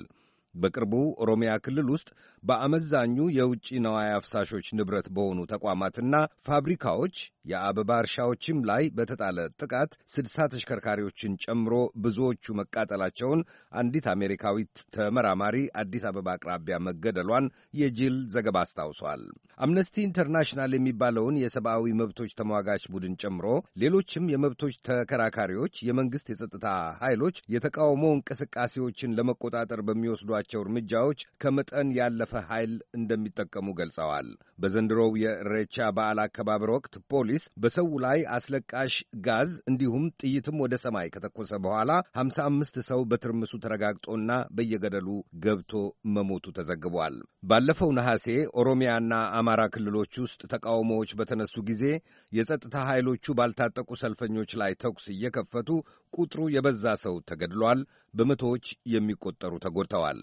በቅርቡ ኦሮሚያ ክልል ውስጥ በአመዛኙ የውጭ ነዋይ አፍሳሾች ንብረት በሆኑ ተቋማትና ፋብሪካዎች፣ የአበባ እርሻዎችም ላይ በተጣለ ጥቃት ስድሳ ተሽከርካሪዎችን ጨምሮ ብዙዎቹ መቃጠላቸውን አንዲት አሜሪካዊት ተመራማሪ አዲስ አበባ አቅራቢያ መገደሏን የጂል ዘገባ አስታውሷል። አምነስቲ ኢንተርናሽናል የሚባለውን የሰብአዊ መብቶች ተሟጋች ቡድን ጨምሮ ሌሎችም የመብቶች ተከራካሪዎች የመንግሥት የጸጥታ ኃይሎች የተቃውሞ እንቅስቃሴዎችን ለመቆጣጠር በሚወስዷቸው እርምጃዎች ከመጠን ያለፈ ኃይል እንደሚጠቀሙ ገልጸዋል። በዘንድሮው የእሬቻ በዓል አከባበር ወቅት ፖሊስ በሰው ላይ አስለቃሽ ጋዝ እንዲሁም ጥይትም ወደ ሰማይ ከተኮሰ በኋላ 55 ሰው በትርምሱ ተረጋግጦና በየገደሉ ገብቶ መሞቱ ተዘግቧል። ባለፈው ነሐሴ ኦሮሚያና አማራ ክልሎች ውስጥ ተቃውሞዎች በተነሱ ጊዜ የጸጥታ ኃይሎቹ ባልታጠቁ ሰልፈኞች ላይ ተኩስ እየከፈቱ ቁጥሩ የበዛ ሰው ተገድሏል። በመቶዎች የሚቆጠሩ ተጎድተዋል።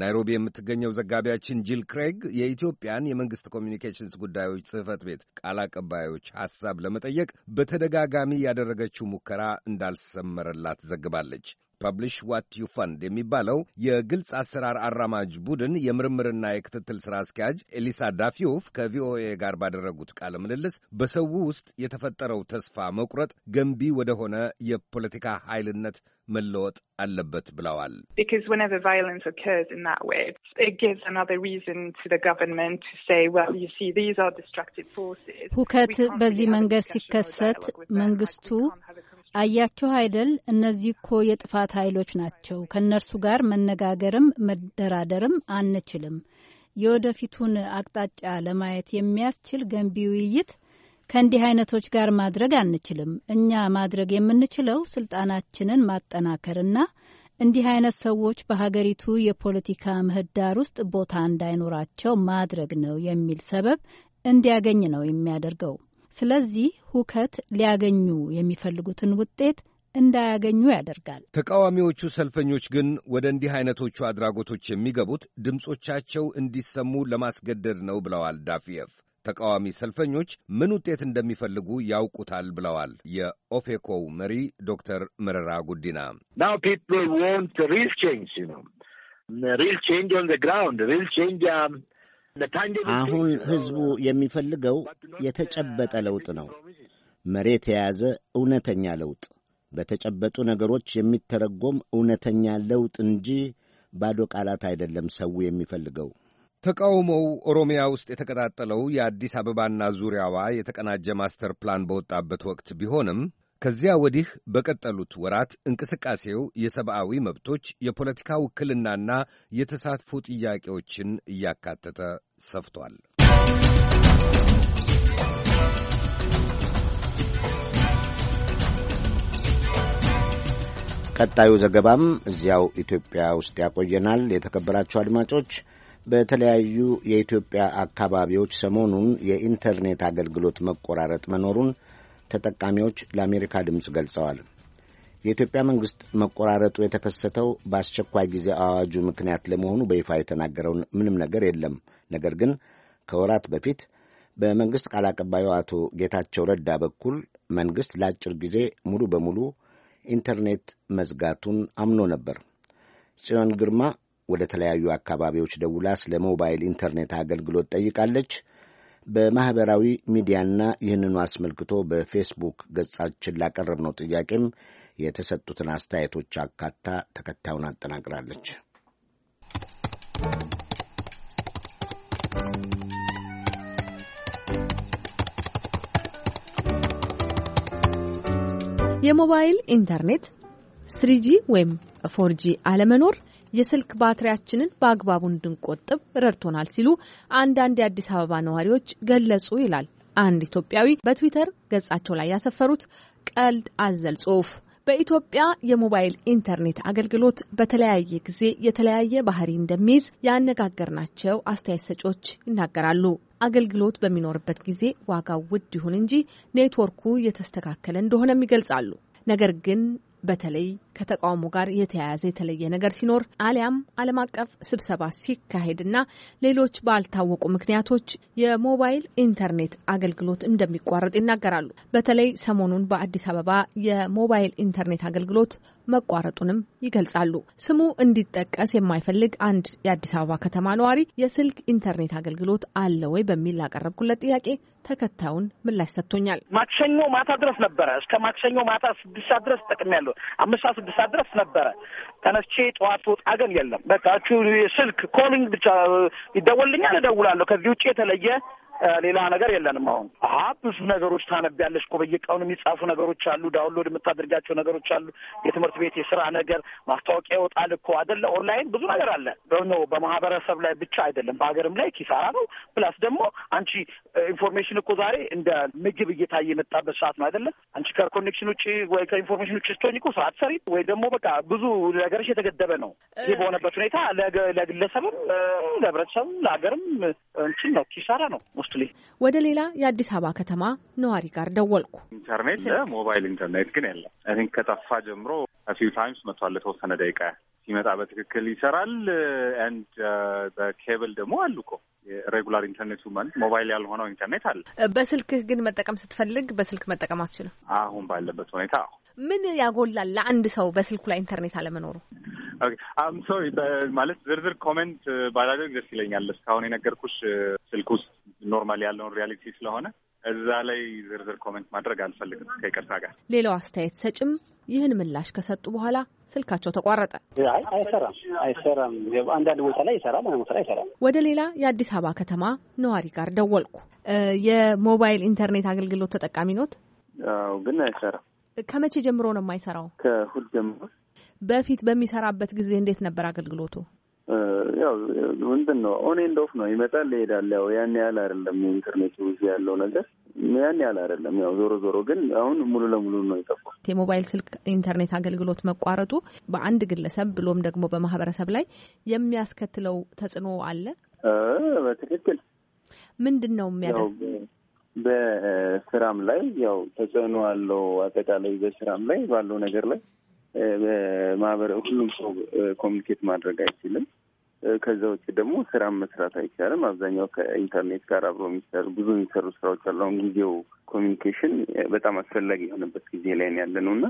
ናይሮቢ የምትገኘው ዘጋቢያችን ጂል ክሬግ የኢትዮጵያን የመንግሥት ኮሚኒኬሽንስ ጉዳዮች ጽሕፈት ቤት ቃል አቀባዮች ሐሳብ ለመጠየቅ በተደጋጋሚ ያደረገችው ሙከራ እንዳልሰመረላት ዘግባለች። ፐብሊሽ ዋት ዩ ፈንድ የሚባለው የግልጽ አሰራር አራማጅ ቡድን የምርምርና የክትትል ስራ አስኪያጅ ኤሊሳ ዳፊዮፍ ከቪኦኤ ጋር ባደረጉት ቃለ ምልልስ በሰው ውስጥ የተፈጠረው ተስፋ መቁረጥ ገንቢ ወደሆነ የፖለቲካ ኃይልነት መለወጥ አለበት ብለዋል። ሁከት በዚህ መንገድ ሲከሰት መንግስቱ አያችሁ አይደል፣ እነዚህ እኮ የጥፋት የጥፋት ኃይሎች ናቸው። ከእነርሱ ጋር መነጋገርም መደራደርም አንችልም። የወደፊቱን አቅጣጫ ለማየት የሚያስችል ገንቢ ውይይት ከእንዲህ አይነቶች ጋር ማድረግ አንችልም። እኛ ማድረግ የምንችለው ስልጣናችንን ማጠናከርና እንዲህ አይነት ሰዎች በሀገሪቱ የፖለቲካ ምህዳር ውስጥ ቦታ እንዳይኖራቸው ማድረግ ነው የሚል ሰበብ እንዲያገኝ ነው የሚያደርገው። ስለዚህ ሁከት ሊያገኙ የሚፈልጉትን ውጤት እንዳያገኙ ያደርጋል። ተቃዋሚዎቹ ሰልፈኞች ግን ወደ እንዲህ አይነቶቹ አድራጎቶች የሚገቡት ድምፆቻቸው እንዲሰሙ ለማስገደድ ነው ብለዋል ዳፊየፍ። ተቃዋሚ ሰልፈኞች ምን ውጤት እንደሚፈልጉ ያውቁታል ብለዋል የኦፌኮው መሪ ዶክተር መረራ ጉዲና። um, አሁን ሕዝቡ የሚፈልገው የተጨበጠ ለውጥ ነው፣ መሬት የያዘ እውነተኛ ለውጥ በተጨበጡ ነገሮች የሚተረጎም እውነተኛ ለውጥ እንጂ ባዶ ቃላት አይደለም ሰው የሚፈልገው። ተቃውሞው ኦሮሚያ ውስጥ የተቀጣጠለው የአዲስ አበባና ዙሪያዋ የተቀናጀ ማስተር ፕላን በወጣበት ወቅት ቢሆንም ከዚያ ወዲህ በቀጠሉት ወራት እንቅስቃሴው የሰብአዊ መብቶች፣ የፖለቲካ ውክልናና የተሳትፎ ጥያቄዎችን እያካተተ ሰፍቷል። ቀጣዩ ዘገባም እዚያው ኢትዮጵያ ውስጥ ያቆየናል። የተከበራችሁ አድማጮች፣ በተለያዩ የኢትዮጵያ አካባቢዎች ሰሞኑን የኢንተርኔት አገልግሎት መቆራረጥ መኖሩን ተጠቃሚዎች ለአሜሪካ ድምፅ ገልጸዋል። የኢትዮጵያ መንግሥት መቆራረጡ የተከሰተው በአስቸኳይ ጊዜ አዋጁ ምክንያት ለመሆኑ በይፋ የተናገረው ምንም ነገር የለም። ነገር ግን ከወራት በፊት በመንግሥት ቃል አቀባዩ አቶ ጌታቸው ረዳ በኩል መንግሥት ለአጭር ጊዜ ሙሉ በሙሉ ኢንተርኔት መዝጋቱን አምኖ ነበር። ጽዮን ግርማ ወደ ተለያዩ አካባቢዎች ደውላ ስለ ሞባይል ኢንተርኔት አገልግሎት ጠይቃለች። በማኅበራዊ ሚዲያና ይህንኑ አስመልክቶ በፌስቡክ ገጻችን ላቀረብነው ጥያቄም የተሰጡትን አስተያየቶች አካታ ተከታዩን አጠናቅራለች። የሞባይል ኢንተርኔት ስሪጂ ወይም ፎርጂ አለመኖር የስልክ ባትሪያችንን በአግባቡ እንድንቆጥብ ረድቶናል ሲሉ አንዳንድ የአዲስ አበባ ነዋሪዎች ገለጹ ይላል አንድ ኢትዮጵያዊ በትዊተር ገጻቸው ላይ ያሰፈሩት ቀልድ አዘል ጽሁፍ። በኢትዮጵያ የሞባይል ኢንተርኔት አገልግሎት በተለያየ ጊዜ የተለያየ ባህሪ እንደሚይዝ ያነጋገርናቸው አስተያየት ሰጮች ይናገራሉ። አገልግሎት በሚኖርበት ጊዜ ዋጋው ውድ ይሁን እንጂ ኔትወርኩ የተስተካከለ እንደሆነም ይገልጻሉ። ነገር ግን በተለይ ከተቃውሞ ጋር የተያያዘ የተለየ ነገር ሲኖር አሊያም ዓለም አቀፍ ስብሰባ ሲካሄድና ሌሎች ባልታወቁ ምክንያቶች የሞባይል ኢንተርኔት አገልግሎት እንደሚቋረጥ ይናገራሉ። በተለይ ሰሞኑን በአዲስ አበባ የሞባይል ኢንተርኔት አገልግሎት መቋረጡንም ይገልጻሉ። ስሙ እንዲጠቀስ የማይፈልግ አንድ የአዲስ አበባ ከተማ ነዋሪ የስልክ ኢንተርኔት አገልግሎት አለ ወይ በሚል ላቀረብኩለት ጥያቄ ተከታዩን ምላሽ ሰጥቶኛል። ማክሰኞ ማታ ድረስ ነበረ። እስከ ማክሰኞ ማታ ስድስት ሰዓት ድረስ ጠቅሜያለሁ። አምስት ስድስት ሰዓት ድረስ ነበረ። ተነስቼ ጠዋት ወጣ ግን የለም። በቃ ስልክ ኮሊንግ ብቻ ይደወልኛል፣ እደውላለሁ። ከዚህ ውጭ የተለየ ሌላ ነገር የለንም። አሁን አ ብዙ ነገሮች ታነቢያለሽ እኮ በየቀኑ የሚጻፉ ነገሮች አሉ። ዳውንሎድ የምታደርጋቸው ነገሮች አሉ። የትምህርት ቤት የስራ ነገር ማስታወቂያ ይወጣል እኮ አደለ ኦንላይን ብዙ ነገር አለ። በማህበረሰብ ላይ ብቻ አይደለም፣ በሀገርም ላይ ኪሳራ ነው። ፕላስ ደግሞ አንቺ ኢንፎርሜሽን እኮ ዛሬ እንደ ምግብ እየታየ የመጣበት ሰዓት ነው አይደለም? አንቺ ከኮኔክሽን ውጭ ወይ ከኢንፎርሜሽን ውጭ ስትሆኝ እኮ ስራ አትሰሪ ወይ ደግሞ በቃ ብዙ ነገሮች የተገደበ ነው። ይህ በሆነበት ሁኔታ ለግለሰብም፣ ለህብረተሰብም፣ ለሀገርም እንችን ነው ኪሳራ ነው። ሞስትሊ። ወደ ሌላ የአዲስ አበባ ከተማ ነዋሪ ጋር ደወልኩ። ኢንተርኔት ሞባይል ኢንተርኔት ግን የለም። እኔ ከጠፋ ጀምሮ ፊው ታይምስ መጥቷል። ለተወሰነ ደቂቃ ሲመጣ በትክክል ይሰራል። አንድ uh, በኬብል ደግሞ አሉ እኮ የሬጉላር ኢንተርኔቱ ማለት ሞባይል ያልሆነው ኢንተርኔት አለ። በስልክህ ግን መጠቀም ስትፈልግ በስልክ መጠቀም አትችልም አሁን ባለበት ሁኔታ ምን ያጎላል ለአንድ ሰው በስልኩ ላይ ኢንተርኔት አለመኖሩ? አም ሶሪ ማለት ዝርዝር ኮሜንት ባላደርግ ደስ ይለኛል። እስካሁን የነገርኩሽ ስልክ ውስጥ ኖርማል ያለውን ሪያሊቲ ስለሆነ እዛ ላይ ዝርዝር ኮሜንት ማድረግ አልፈልግም ከይቅርታ ጋር። ሌላው አስተያየት ሰጭም ይህን ምላሽ ከሰጡ በኋላ ስልካቸው ተቋረጠ። አይሰራም አይሰራም። አንዳንድ ቦታ ላይ ይሰራል፣ አንድ ቦታ ላይ አይሰራም። ወደ ሌላ የአዲስ አበባ ከተማ ነዋሪ ጋር ደወልኩ። የሞባይል ኢንተርኔት አገልግሎት ተጠቃሚ ኖት? ግን አይሰራም ከመቼ ጀምሮ ነው የማይሰራው? ከእሁድ ጀምሮ። በፊት በሚሰራበት ጊዜ እንዴት ነበር አገልግሎቱ? ያው ምንድን ነው ኦን ኤንድ ኦፍ ነው፣ ይመጣል ይሄዳል። ያው ያን ያህል አይደለም የኢንተርኔቱ እዚህ ያለው ነገር ያን ያህል አይደለም። ያው ዞሮ ዞሮ ግን አሁን ሙሉ ለሙሉ ነው የጠፋው። የሞባይል ስልክ ኢንተርኔት አገልግሎት መቋረጡ በአንድ ግለሰብ ብሎም ደግሞ በማህበረሰብ ላይ የሚያስከትለው ተጽዕኖ አለ። በትክክል ምንድን ነው የሚያደርግ በስራም ላይ ያው ተጽዕኖ አለው። አጠቃላይ በስራም ላይ ባለው ነገር ላይ በማህበረ ሁሉም ሰው ኮሚኒኬት ማድረግ አይችልም። ከዛ ውጭ ደግሞ ስራም መስራት አይቻልም። አብዛኛው ከኢንተርኔት ጋር አብሮ የሚሰሩ ብዙ የሚሰሩ ስራዎች አሉ። አሁን ጊዜው ኮሚኒኬሽን በጣም አስፈላጊ የሆነበት ጊዜ ላይ ያለ ነው እና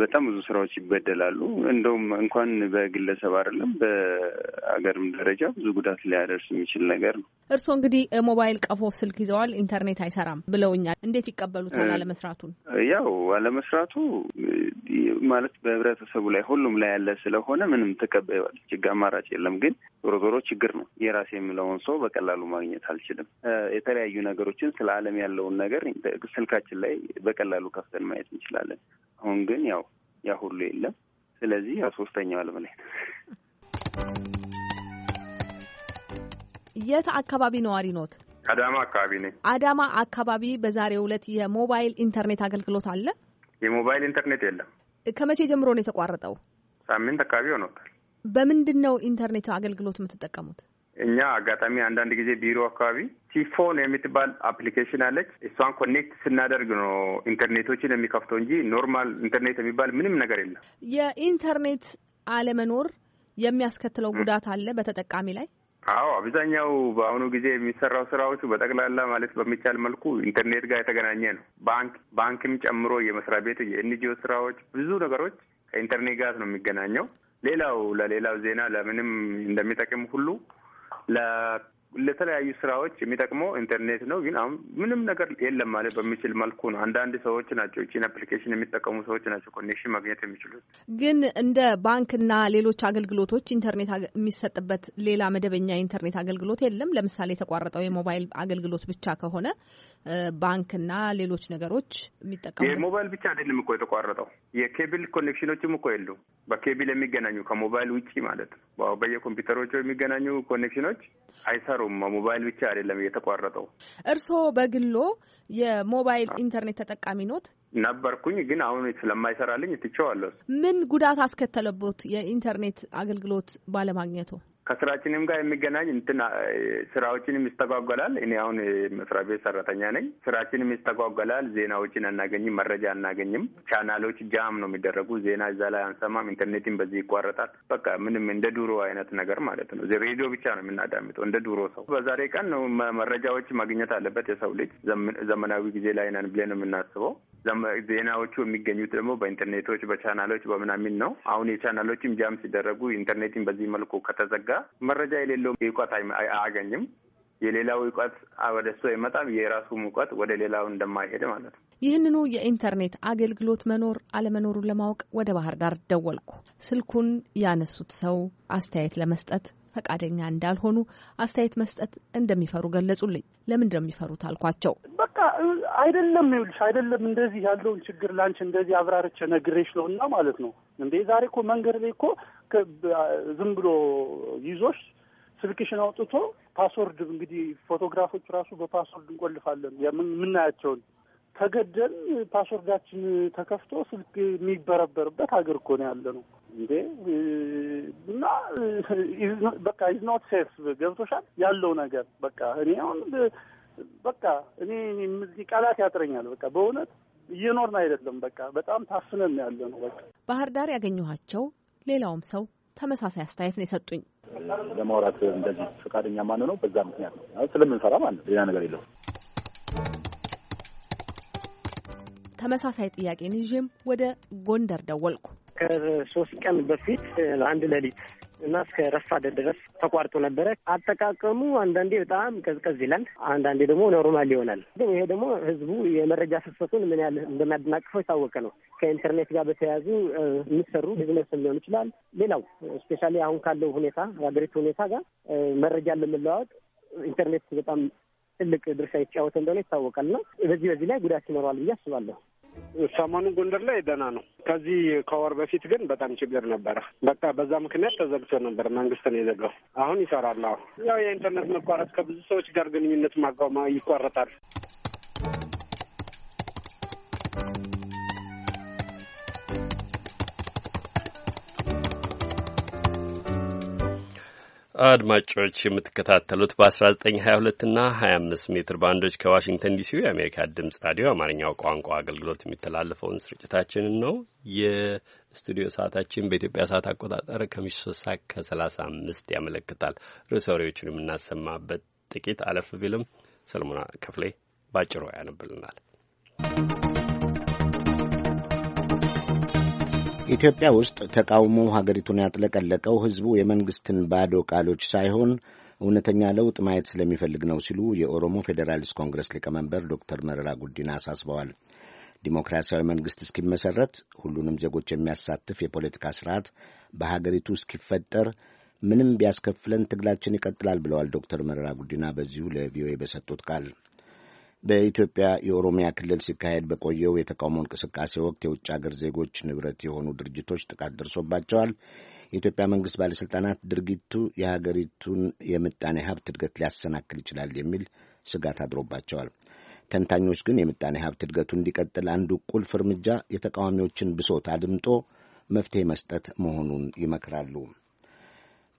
በጣም ብዙ ስራዎች ይበደላሉ። እንደውም እንኳን በግለሰብ አይደለም በአገርም ደረጃ ብዙ ጉዳት ሊያደርስ የሚችል ነገር ነው። እርስዎ እንግዲህ ሞባይል ቀፎ ስልክ ይዘዋል፣ ኢንተርኔት አይሰራም ብለውኛል። እንዴት ይቀበሉታል አለመስራቱን? ያው አለመስራቱ ማለት በህብረተሰቡ ላይ ሁሉም ላይ ያለ ስለሆነ ምንም ተቀበይዋል። ችግር አማራጭ የለም። ግን ዞሮ ዞሮ ችግር ነው። የራሴ የምለውን ሰው በቀላሉ ማግኘት አልችልም። የተለያዩ ነገሮችን ስለ አለም ያለውን ነገር ስልካችን ላይ በቀላሉ ከፍተን ማየት እንችላለን። አሁን ግን ግን ያው ያ ሁሉ የለም። ስለዚህ ያው ሶስተኛው አለም ላይ የት አካባቢ ነዋሪ ኖት? አዳማ አካባቢ ነኝ። አዳማ አካባቢ በዛሬው ዕለት የሞባይል ኢንተርኔት አገልግሎት አለ? የሞባይል ኢንተርኔት የለም። ከመቼ ጀምሮ ነው የተቋረጠው? ሳምንት አካባቢ ሆኖታል። በምንድን ነው ኢንተርኔት አገልግሎት የምትጠቀሙት? እኛ አጋጣሚ አንዳንድ ጊዜ ቢሮ አካባቢ ሲፎን የምትባል አፕሊኬሽን አለች። እሷን ኮኔክት ስናደርግ ነው ኢንተርኔቶችን የሚከፍተው እንጂ ኖርማል ኢንተርኔት የሚባል ምንም ነገር የለም። የኢንተርኔት አለመኖር የሚያስከትለው ጉዳት አለ በተጠቃሚ ላይ። አዎ አብዛኛው በአሁኑ ጊዜ የሚሰራው ስራዎቹ በጠቅላላ ማለት በሚቻል መልኩ ኢንተርኔት ጋር የተገናኘ ነው። ባንክ ባንክም ጨምሮ የመስሪያ ቤት የኤንጂኦ ስራዎች፣ ብዙ ነገሮች ከኢንተርኔት ጋር ነው የሚገናኘው። ሌላው ለሌላው ዜና ለምንም እንደሚጠቅም ሁሉ la ለተለያዩ ስራዎች የሚጠቅመው ኢንተርኔት ነው። ግን አሁን ምንም ነገር የለም ማለት በሚችል መልኩ ነው። አንዳንድ ሰዎች ናቸው ይችን አፕሊኬሽን የሚጠቀሙ ሰዎች ናቸው ኮኔክሽን ማግኘት የሚችሉት። ግን እንደ ባንክና ሌሎች አገልግሎቶች ኢንተርኔት የሚሰጥበት ሌላ መደበኛ የኢንተርኔት አገልግሎት የለም። ለምሳሌ የተቋረጠው የሞባይል አገልግሎት ብቻ ከሆነ ባንክና ሌሎች ነገሮች የሚጠቀሙ የሞባይል ብቻ አይደለም እኮ የተቋረጠው፣ የኬብል ኮኔክሽኖችም እኮ የሉ በኬብል የሚገናኙ ከሞባይል ውጪ ማለት ነው። በየኮምፒውተሮች የሚገናኙ ኮኔክሽኖች አይሰሩ አይቀሩም። ሞባይል ብቻ አይደለም እየተቋረጠው። እርስዎ በግሎ የሞባይል ኢንተርኔት ተጠቃሚ ኖት? ነበርኩኝ፣ ግን አሁን ስለማይሰራልኝ ትቼዋለሁ። ምን ጉዳት አስከተለቦት የኢንተርኔት አገልግሎት ባለማግኘቱ? ከስራችንም ጋር የሚገናኝ እንትን ስራዎችንም ይስተጓጎላል። እኔ አሁን መስሪያ ቤት ሰራተኛ ነኝ። ስራችንም ይስተጓጎላል። ዜናዎችን አናገኝም፣ መረጃ አናገኝም። ቻናሎች ጃም ነው የሚደረጉ። ዜና እዛ ላይ አንሰማም። ኢንተርኔትን በዚህ ይቋረጣል። በቃ ምንም እንደ ድሮ አይነት ነገር ማለት ነው። ሬዲዮ ብቻ ነው የምናዳምጠው እንደ ድሮ ሰው። በዛሬ ቀን መረጃዎች ማግኘት አለበት የሰው ልጅ። ዘመናዊ ጊዜ ላይ ነን ብለን ነው የምናስበው። ዜናዎቹ የሚገኙት ደግሞ በኢንተርኔቶች፣ በቻናሎች በምናምን ነው። አሁን የቻናሎችም ጃም ሲደረጉ ኢንተርኔትን በዚህ መልኩ ከተዘጋ መረጃ የሌለው እውቀት አያገኝም። የሌላው እውቀት ወደ እሱ አይመጣም። የራሱም እውቀት ወደ ሌላው እንደማይሄድ ማለት ነው። ይህንኑ የኢንተርኔት አገልግሎት መኖር አለመኖሩን ለማወቅ ወደ ባህር ዳር ደወልኩ። ስልኩን ያነሱት ሰው አስተያየት ለመስጠት ፈቃደኛ እንዳልሆኑ አስተያየት መስጠት እንደሚፈሩ ገለጹልኝ። ለምን እንደሚፈሩት አልኳቸው። በቃ አይደለም ይኸውልሽ፣ አይደለም እንደዚህ ያለውን ችግር ላንቺ እንደዚህ አብራርቼ ነግሬሽ ነው እና ማለት ነው እንዴ ዛሬ እኮ መንገድ ላይ እኮ ዝም ብሎ ይዞሽ ስልክሽን አውጥቶ ፓስወርድ እንግዲህ ፎቶግራፎች ራሱ በፓስወርድ እንቆልፋለን የምናያቸውን ተገደን ፓስወርዳችን ተከፍቶ ስልክ የሚበረበርበት ሀገር እኮ ነው ያለ ነው። እንዴ እና በቃ ኢዝ ኖት ሴፍ ገብቶሻል ያለው ነገር በቃ እኔ አሁን በቃ እኔ ቃላት ያጥረኛል። በቃ በእውነት እየኖርን አይደለም። በቃ በጣም ታፍነን ያለ ነው። በቃ ባህር ዳር ያገኘኋቸው ሌላውም ሰው ተመሳሳይ አስተያየት ነው የሰጡኝ። ለማውራት እንደዚህ ፈቃደኛ ማን ነው? በዛ ምክንያት ነው ስለምንሰራ ማለት ሌላ ነገር የለው። ተመሳሳይ ጥያቄን ይዤም ወደ ጎንደር ደወልኩ። ከሶስት ቀን በፊት ለአንድ ሌሊት እና እስከ ረፋደ ድረስ ተቋርጦ ነበረ። አጠቃቀሙ አንዳንዴ በጣም ቀዝቀዝ ይላል፣ አንዳንዴ ደግሞ ኖርማል ይሆናል። ግን ይሄ ደግሞ ህዝቡ የመረጃ ፍሰቱን ምን ያህል እንደሚያደናቅፈው የታወቀ ነው። ከኢንተርኔት ጋር በተያያዙ የሚሰሩ ቢዝነስ ሊሆን ይችላል። ሌላው እስፔሻሊ አሁን ካለው ሁኔታ የሀገሪቱ ሁኔታ ጋር መረጃ ለመለዋወጥ ኢንተርኔት በጣም ትልቅ ድርሻ የተጫወተ እንደሆነ ይታወቃል እና በዚህ በዚህ ላይ ጉዳት ይኖረዋል ብዬ አስባለሁ። ሰሞኑን ጎንደር ላይ ደህና ነው። ከዚህ ከወር በፊት ግን በጣም ችግር ነበረ። በቃ በዛ ምክንያት ተዘግቶ ነበር። መንግስት ነው የዘጋው። አሁን ይሰራል። ያው የኢንተርኔት መቋረጥ ከብዙ ሰዎች ጋር ግንኙነት ማቋማ ይቋረጣል። አድማጮች የምትከታተሉት በ1922 እና 25 ሜትር ባንዶች ከዋሽንግተን ዲሲ የአሜሪካ ድምጽ ራዲዮ አማርኛው ቋንቋ አገልግሎት የሚተላለፈውን ስርጭታችንን ነው። የስቱዲዮ ሰዓታችን በኢትዮጵያ ሰዓት አቆጣጠር ከምሽቱ 3 ሰዓት ከ35 ያመለክታል። ርዕሰ ወሬዎቹን የምናሰማበት ጥቂት አለፍ ቢልም ሰለሞን ክፍሌ ባጭሩ ያነብልናል። ኢትዮጵያ ውስጥ ተቃውሞ ሀገሪቱን ያጥለቀለቀው ህዝቡ የመንግስትን ባዶ ቃሎች ሳይሆን እውነተኛ ለውጥ ማየት ስለሚፈልግ ነው ሲሉ የኦሮሞ ፌዴራሊስት ኮንግረስ ሊቀመንበር ዶክተር መረራ ጉዲና አሳስበዋል። ዲሞክራሲያዊ መንግስት እስኪመሰረት ሁሉንም ዜጎች የሚያሳትፍ የፖለቲካ ስርዓት በሀገሪቱ እስኪፈጠር ምንም ቢያስከፍለን ትግላችን ይቀጥላል ብለዋል ዶክተር መረራ ጉዲና በዚሁ ለቪኦኤ በሰጡት ቃል። በኢትዮጵያ የኦሮሚያ ክልል ሲካሄድ በቆየው የተቃውሞ እንቅስቃሴ ወቅት የውጭ አገር ዜጎች ንብረት የሆኑ ድርጅቶች ጥቃት ደርሶባቸዋል። የኢትዮጵያ መንግስት ባለሥልጣናት ድርጊቱ የሀገሪቱን የምጣኔ ሀብት እድገት ሊያሰናክል ይችላል የሚል ስጋት አድሮባቸዋል። ተንታኞች ግን የምጣኔ ሀብት እድገቱ እንዲቀጥል አንዱ ቁልፍ እርምጃ የተቃዋሚዎችን ብሶት አድምጦ መፍትሄ መስጠት መሆኑን ይመክራሉ።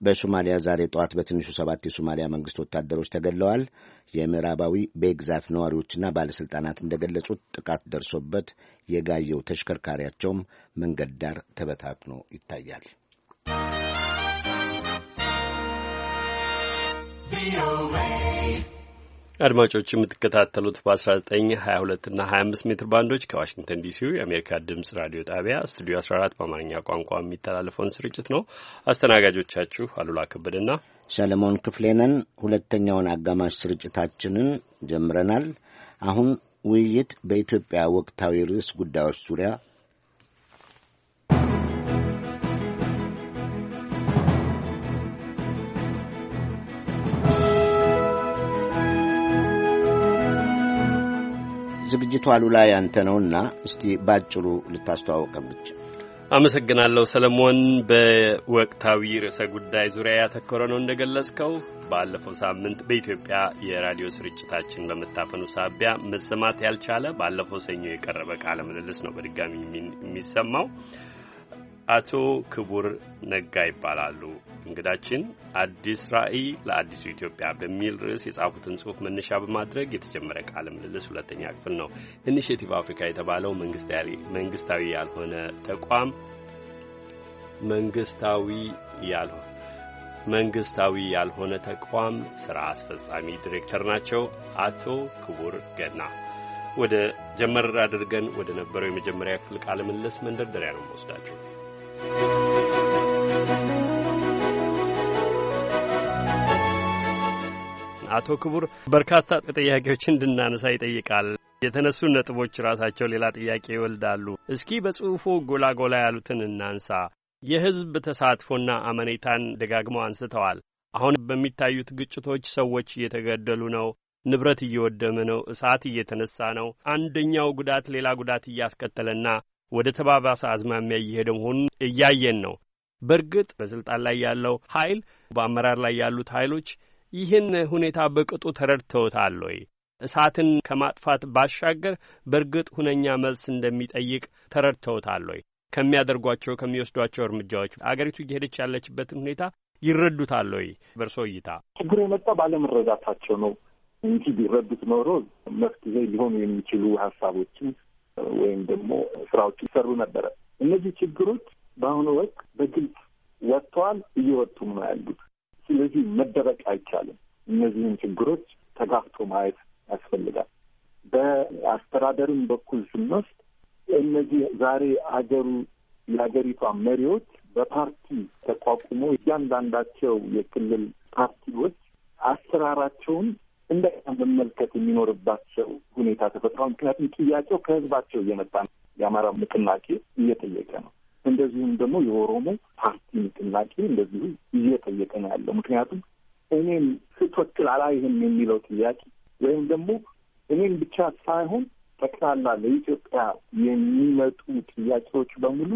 በሶማሊያ ዛሬ ጠዋት በትንሹ ሰባት የሶማሊያ መንግስት ወታደሮች ተገድለዋል። የምዕራባዊ በግዛት ነዋሪዎችና ባለሥልጣናት እንደገለጹት ጥቃት ደርሶበት የጋየው ተሽከርካሪያቸውም መንገድ ዳር ተበታትኖ ይታያል። ቪኦኤ አድማጮች የምትከታተሉት በ1922 እና 25 ሜትር ባንዶች ከዋሽንግተን ዲሲ የአሜሪካ ድምፅ ራዲዮ ጣቢያ ስቱዲዮ 14 በአማርኛ ቋንቋ የሚተላለፈውን ስርጭት ነው። አስተናጋጆቻችሁ አሉላ ከበደና ሰለሞን ክፍሌነን። ሁለተኛውን አጋማሽ ስርጭታችንን ጀምረናል። አሁን ውይይት በኢትዮጵያ ወቅታዊ ርዕስ ጉዳዮች ዙሪያ ዝግጅቱ አሉላ ያንተ ነውና እስቲ ባጭሩ ልታስተዋወቀን ብቻ። አመሰግናለሁ ሰለሞን። በወቅታዊ ርዕሰ ጉዳይ ዙሪያ ያተኮረ ነው እንደገለጽከው። ባለፈው ሳምንት በኢትዮጵያ የራዲዮ ስርጭታችን በመታፈኑ ሳቢያ መሰማት ያልቻለ ባለፈው ሰኞ የቀረበ ቃለ ምልልስ ነው በድጋሚ የሚሰማው። አቶ ክቡር ነጋ ይባላሉ። እንግዳችን አዲስ ራዕይ ለአዲሱ ኢትዮጵያ በሚል ርዕስ የጻፉትን ጽሑፍ መነሻ በማድረግ የተጀመረ ቃለ ምልልስ ሁለተኛ ክፍል ነው። ኢኒሽቲቭ አፍሪካ የተባለው መንግስታዊ ያልሆነ ተቋም መንግስታዊ ያልሆነ መንግስታዊ ያልሆነ ተቋም ስራ አስፈጻሚ ዲሬክተር ናቸው አቶ ክቡር ገና። ወደ ጀመር አድርገን ወደ ነበረው የመጀመሪያ ክፍል ቃለ ምልልስ መንደርደሪያ ነው መወስዳችሁ አቶ ክቡር በርካታ ጥያቄዎችን እንድናነሳ ይጠይቃል። የተነሱ ነጥቦች ራሳቸው ሌላ ጥያቄ ይወልዳሉ። እስኪ በጽሑፉ ጎላ ጎላ ያሉትን እናንሳ። የሕዝብ ተሳትፎና አመኔታን ደጋግመው አንስተዋል። አሁን በሚታዩት ግጭቶች ሰዎች እየተገደሉ ነው፣ ንብረት እየወደመ ነው፣ እሳት እየተነሳ ነው። አንደኛው ጉዳት ሌላ ጉዳት እያስከተለና ወደ ተባባሰ አዝማሚያ እየሄደ መሆኑን እያየን ነው። በእርግጥ በስልጣን ላይ ያለው ኃይል በአመራር ላይ ያሉት ኃይሎች ይህን ሁኔታ በቅጡ ተረድተውታል ወይ? እሳትን ከማጥፋት ባሻገር በእርግጥ ሁነኛ መልስ እንደሚጠይቅ ተረድተውታል ወይ? ከሚያደርጓቸው ከሚወስዷቸው እርምጃዎች አገሪቱ እየሄደች ያለችበትን ሁኔታ ይረዱታል ወይ? በእርሶ እይታ ችግሩ የመጣ ባለመረዳታቸው ነው እንጂ ቢረዱት ኖሮ መፍትሄ ሊሆኑ የሚችሉ ሀሳቦችን ወይም ደግሞ ስራዎች ይሰሩ ነበረ። እነዚህ ችግሮች በአሁኑ ወቅት በግልጽ ወጥተዋል፣ እየወጡም ነው ያሉት። ስለዚህ መደበቅ አይቻልም። እነዚህን ችግሮች ተጋፍቶ ማየት ያስፈልጋል። በአስተዳደርም በኩል ስንወስድ እነዚህ ዛሬ አገሩ የሀገሪቷ መሪዎች በፓርቲ ተቋቁሞ እያንዳንዳቸው የክልል ፓርቲዎች አሰራራቸውን እንደዛ መመልከት የሚኖርባቸው ሁኔታ ተፈጥሯል። ምክንያቱም ጥያቄው ከህዝባቸው እየመጣ ነው። የአማራ ንቅናቄ እየጠየቀ ነው። እንደዚሁም ደግሞ የኦሮሞ ፓርቲ ንቅናቄ እንደዚሁ እየጠየቀ ነው ያለው። ምክንያቱም እኔም ስትወክል አላይህም የሚለው ጥያቄ ወይም ደግሞ እኔም ብቻ ሳይሆን ጠቅላላ ለኢትዮጵያ የሚመጡ ጥያቄዎች በሙሉ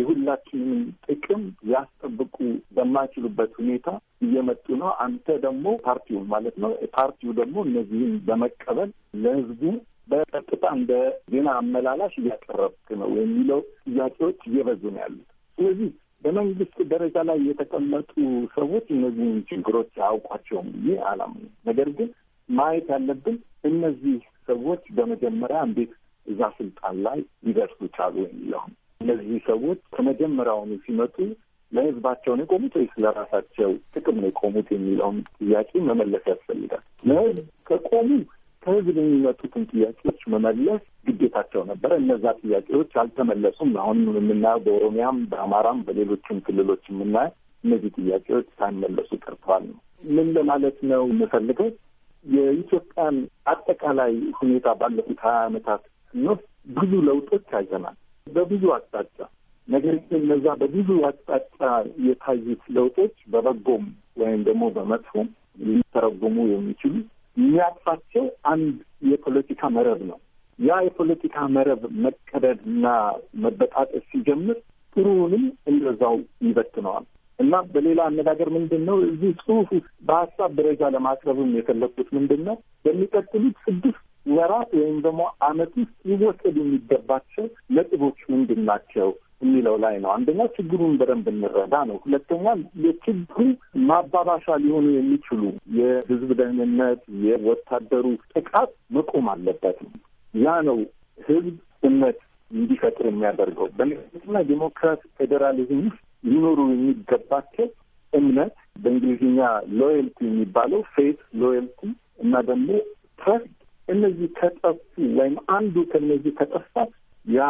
የሁላችንንም ጥቅም ሊያስጠብቁ በማይችሉበት ሁኔታ እየመጡ ነው። አንተ ደግሞ ፓርቲው ማለት ነው። ፓርቲው ደግሞ እነዚህን በመቀበል ለህዝቡ በቀጥታ እንደ ዜና አመላላሽ እያቀረብክ ነው የሚለው ጥያቄዎች እየበዙ ነው ያሉት። ስለዚህ በመንግስት ደረጃ ላይ የተቀመጡ ሰዎች እነዚህን ችግሮች አያውቋቸውም ብዬ አላምንም። ነገር ግን ማየት ያለብን እነዚህ ሰዎች በመጀመሪያ እንዴት እዛ ስልጣን ላይ ሊደርሱ ቻሉ የሚለውን እነዚህ ሰዎች ከመጀመሪያውኑ ሲመጡ ለህዝባቸው ነው የቆሙት ወይስ ለራሳቸው ጥቅም ነው የቆሙት የሚለውን ጥያቄ መመለስ ያስፈልጋል። ለህዝብ ከቆሙ ከህዝብ የሚመጡትን ጥያቄዎች መመለስ ግዴታቸው ነበረ። እነዛ ጥያቄዎች አልተመለሱም። አሁንም የምናየው በኦሮሚያም፣ በአማራም፣ በሌሎችም ክልሎች የምናየው እነዚህ ጥያቄዎች ሳይመለሱ ቀርተዋል ነው። ምን ለማለት ነው የምፈልገው የኢትዮጵያን አጠቃላይ ሁኔታ ባለፉት ሀያ አመታት ስንወስድ ብዙ ለውጦች አይዘናል። በብዙ አቅጣጫ ነገር ግን እነዛ በብዙ አቅጣጫ የታዩት ለውጦች በበጎም ወይም ደግሞ በመጥፎም ሊተረጎሙ የሚችሉ የሚያጥፋቸው አንድ የፖለቲካ መረብ ነው። ያ የፖለቲካ መረብ እና መበጣጠስ ሲጀምር ጥሩውንም እንደዛው ይበትነዋል እና በሌላ አነጋገር ምንድን ነው እዚህ ጽሁፍ በሀሳብ ደረጃ ለማቅረብም የፈለግኩት ምንድን ነው በሚቀጥሉት ስድስት ወራት ወይም ደግሞ አመት ውስጥ ሊወሰዱ የሚገባቸው ነጥቦች ምንድን ናቸው የሚለው ላይ ነው። አንደኛ ችግሩን በደንብ እንረዳ ነው። ሁለተኛ የችግሩ ማባባሻ ሊሆኑ የሚችሉ የህዝብ ደህንነት፣ የወታደሩ ጥቃት መቆም አለበት ነው። ያ ነው ህዝብ እምነት እንዲፈጥር የሚያደርገው በመንግስትና ዴሞክራሲ ፌዴራሊዝም ውስጥ ሊኖሩ የሚገባቸው እምነት በእንግሊዝኛ ሎየልቲ የሚባለው ፌት ሎየልቲ እና ደግሞ ትረስት እነዚህ ከጠፉ ወይም አንዱ ከነዚህ ከጠፋ ያ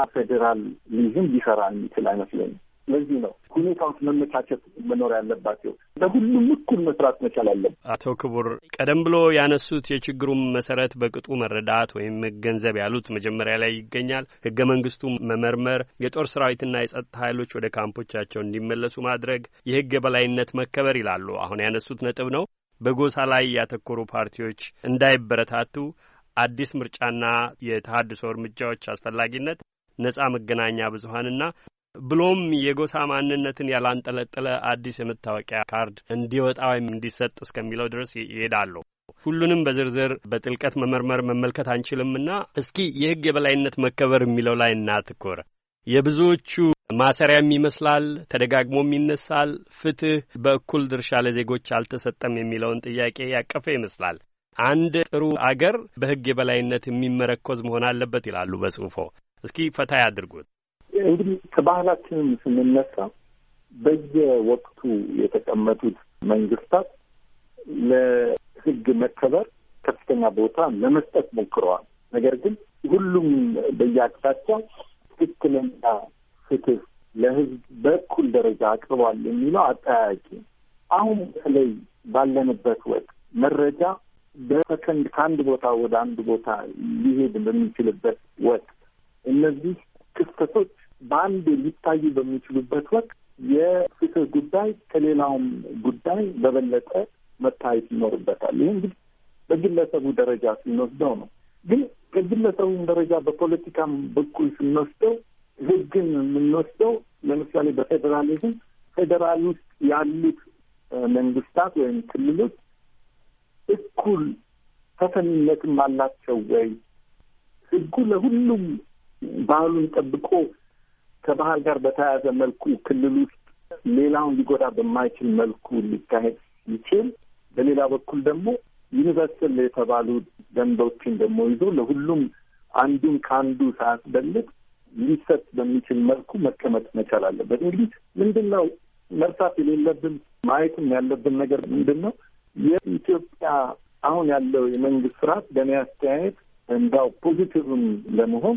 ሊዝም ሊሰራ የሚችል አይመስለኝም። ለዚህ ነው ሁኔታዎች መመቻቸት መኖር ያለባቸው። ለሁሉም እኩል መስራት መቻል አለብን። አቶ ክቡር ቀደም ብሎ ያነሱት የችግሩን መሰረት በቅጡ መረዳት ወይም መገንዘብ ያሉት መጀመሪያ ላይ ይገኛል። ህገ መንግስቱ መመርመር፣ የጦር ሰራዊትና የጸጥታ ኃይሎች ወደ ካምፖቻቸው እንዲመለሱ ማድረግ፣ የህግ የበላይነት መከበር ይላሉ። አሁን ያነሱት ነጥብ ነው። በጎሳ ላይ ያተኮሩ ፓርቲዎች እንዳይበረታቱ አዲስ ምርጫና የተሀድሶ እርምጃዎች አስፈላጊነት፣ ነጻ መገናኛ ብዙሀንና ብሎም የጎሳ ማንነትን ያላንጠለጠለ አዲስ የመታወቂያ ካርድ እንዲወጣ ወይም እንዲሰጥ እስከሚለው ድረስ ይሄዳሉ። ሁሉንም በዝርዝር በጥልቀት መመርመር መመልከት አንችልምና እስኪ የህግ የበላይነት መከበር የሚለው ላይ እናትኩር። የብዙዎቹ ማሰሪያም ይመስላል፣ ተደጋግሞም ይነሳል። ፍትህ በእኩል ድርሻ ለዜጎች አልተሰጠም የሚለውን ጥያቄ ያቀፈ ይመስላል። አንድ ጥሩ አገር በህግ የበላይነት የሚመረኮዝ መሆን አለበት ይላሉ በጽሁፎ። እስኪ ፈታ ያድርጉት። እንግዲህ ከባህላችንም ስንነሳ በየወቅቱ የተቀመጡት መንግስታት ለህግ መከበር ከፍተኛ ቦታ ለመስጠት ሞክረዋል። ነገር ግን ሁሉም በየአቅጣጫው ትክክለኛ ፍትህ ለህዝብ በእኩል ደረጃ አቅርቧል የሚለው አጠያያቂ። አሁን በተለይ ባለንበት ወቅት መረጃ በሰከንድ ከአንድ ቦታ ወደ አንድ ቦታ ሊሄድ በሚችልበት ወቅት እነዚህ ክስተቶች በአንድ ሊታዩ በሚችሉበት ወቅት የፍትህ ጉዳይ ከሌላውም ጉዳይ በበለጠ መታየት ይኖርበታል። ይህ እንግዲህ በግለሰቡ ደረጃ ስንወስደው ነው። ግን ከግለሰቡም ደረጃ በፖለቲካም በኩል ስንወስደው ህግን የምንወስደው ለምሳሌ በፌዴራሊዝም ፌዴራል ውስጥ ያሉት መንግስታት ወይም ክልሎች እኩል ተሰሚነትም አላቸው ወይ? ህጉ ለሁሉም ባህሉን ጠብቆ ከባህል ጋር በተያያዘ መልኩ ክልል ውስጥ ሌላውን ሊጎዳ በማይችል መልኩ ሊካሄድ ሲችል፣ በሌላ በኩል ደግሞ ዩኒቨርስል የተባሉ ደንቦችን ደግሞ ይዞ ለሁሉም አንዱን ከአንዱ ሳያስበልጥ ሊሰጥ በሚችል መልኩ መቀመጥ መቻል አለበት። እንግዲህ ምንድን ነው መርሳት የሌለብን ማየትም ያለብን ነገር ምንድን ነው? የኢትዮጵያ አሁን ያለው የመንግስት ስርዓት በእኔ አስተያየት እንዳው ፖዚቲቭም ለመሆን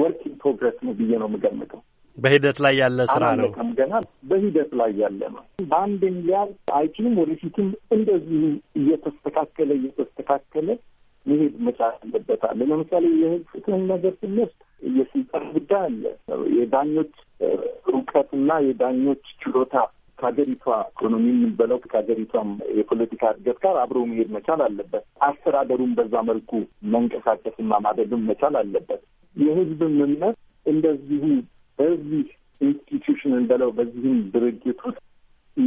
ወርክ ኢን ፕሮግረስ ነው ብዬ ነው የምገምጠው። በሂደት ላይ ያለ ስራ ነው። ገና በሂደት ላይ ያለ ነው። በአንድ ሊያልቅ አይችልም። ወደፊትም እንደዚህ እየተስተካከለ እየተስተካከለ መሄድ መቻል አለበታል። ለምሳሌ የህግ ፍትህን ነገር ስንወስድ የስልጣን ጉዳይ አለ። የዳኞች እውቀትና የዳኞች ችሎታ ከሀገሪቷ ኢኮኖሚም በለው ከሀገሪቷም የፖለቲካ እድገት ጋር አብሮ መሄድ መቻል አለበት። አስተዳደሩም በዛ መልኩ መንቀሳቀስና ማደግም መቻል አለበት። የህዝብም እምነት እንደዚሁ በዚህ ኢንስቲትዩሽንን እንበለው በዚህም ድርጅት ውስጥ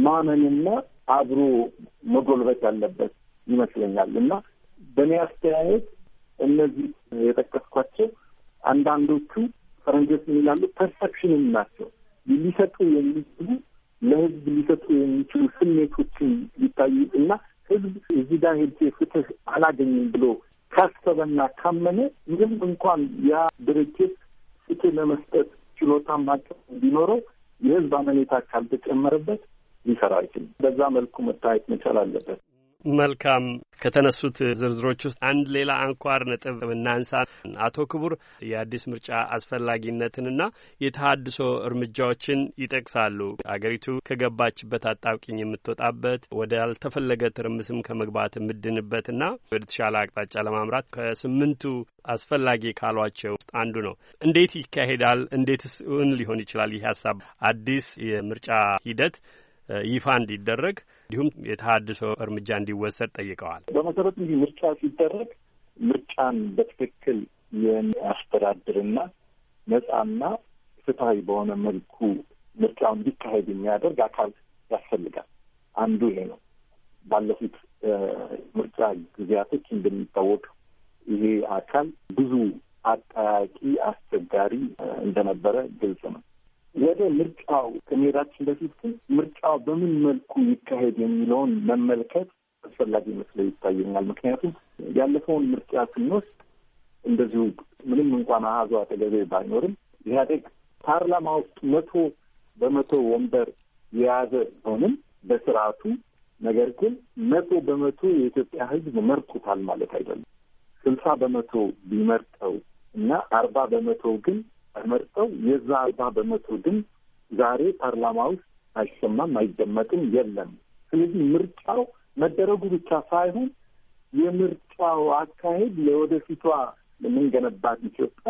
ማመንና አብሮ መጎልበት ያለበት ይመስለኛል እና በእኔ አስተያየት እነዚህ የጠቀስኳቸው አንዳንዶቹ ፈረንጆች የሚላሉ ፐርሰፕሽንም ናቸው ሊሰጡ የሚችሉ ለህዝብ ሊሰጡ የሚችሉ ስሜቶችን ሊታዩ እና ህዝብ እዚህ ጋር ሄጄ ፍትህ አላገኝም ብሎ ካሰበና ካመነ ምንም እንኳን ያ ድርጅት ፍትህ ለመስጠት ችሎታ ማቀፍ እንዲኖረው የህዝብ አመኔታ ካልተጨመረበት ሊሰራ አይችልም። በዛ መልኩ መታየት መቻል አለበት። መልካም ከተነሱት ዝርዝሮች ውስጥ አንድ ሌላ አንኳር ነጥብ እናንሳ። አቶ ክቡር የአዲስ ምርጫ አስፈላጊነትንና የተሃድሶ እርምጃዎችን ይጠቅሳሉ። አገሪቱ ከገባችበት አጣብቅኝ የምትወጣበት ወደ ያልተፈለገ ትርምስም ከመግባት የምድንበትና ወደ ተሻለ አቅጣጫ ለማምራት ከስምንቱ አስፈላጊ ካሏቸው ውስጥ አንዱ ነው። እንዴት ይካሄዳል? እንዴትስ እውን ሊሆን ይችላል? ይህ ሀሳብ አዲስ የምርጫ ሂደት ይፋ እንዲደረግ እንዲሁም የተሀድሶ እርምጃ እንዲወሰድ ጠይቀዋል። በመሰረቱ እንዲህ ምርጫ ሲደረግ ምርጫን በትክክል የሚያስተዳድርና ነጻና ፍትሀዊ በሆነ መልኩ ምርጫው እንዲካሄድ የሚያደርግ አካል ያስፈልጋል። አንዱ ይሄ ነው። ባለፉት ምርጫ ጊዜያቶች እንደሚታወቅ ይሄ አካል ብዙ አጠያቂ አስቸጋሪ እንደነበረ ግልጽ ነው። ወደ ምርጫው ከመሄዳችን በፊት ግን ምርጫው በምን መልኩ ይካሄድ የሚለውን መመልከት አስፈላጊ መስለ ይታየኛል። ምክንያቱም ያለፈውን ምርጫ ስንወስድ እንደዚሁ ምንም እንኳን አሃዙ አጠገቤ ባይኖርም ኢህአዴግ ፓርላማ ውስጥ መቶ በመቶ ወንበር የያዘ ቢሆንም በስርዓቱ ነገር ግን መቶ በመቶ የኢትዮጵያ ሕዝብ መርጡታል ማለት አይደለም። ስልሳ በመቶ ቢመርጠው እና አርባ በመቶ ግን ተመርጠው የዛ አርባ በመቶ ድምፅ ዛሬ ፓርላማ ውስጥ አይሰማም፣ አይደመጥም፣ የለም። ስለዚህ ምርጫው መደረጉ ብቻ ሳይሆን የምርጫው አካሄድ ለወደፊቷ የምንገነባት ኢትዮጵያ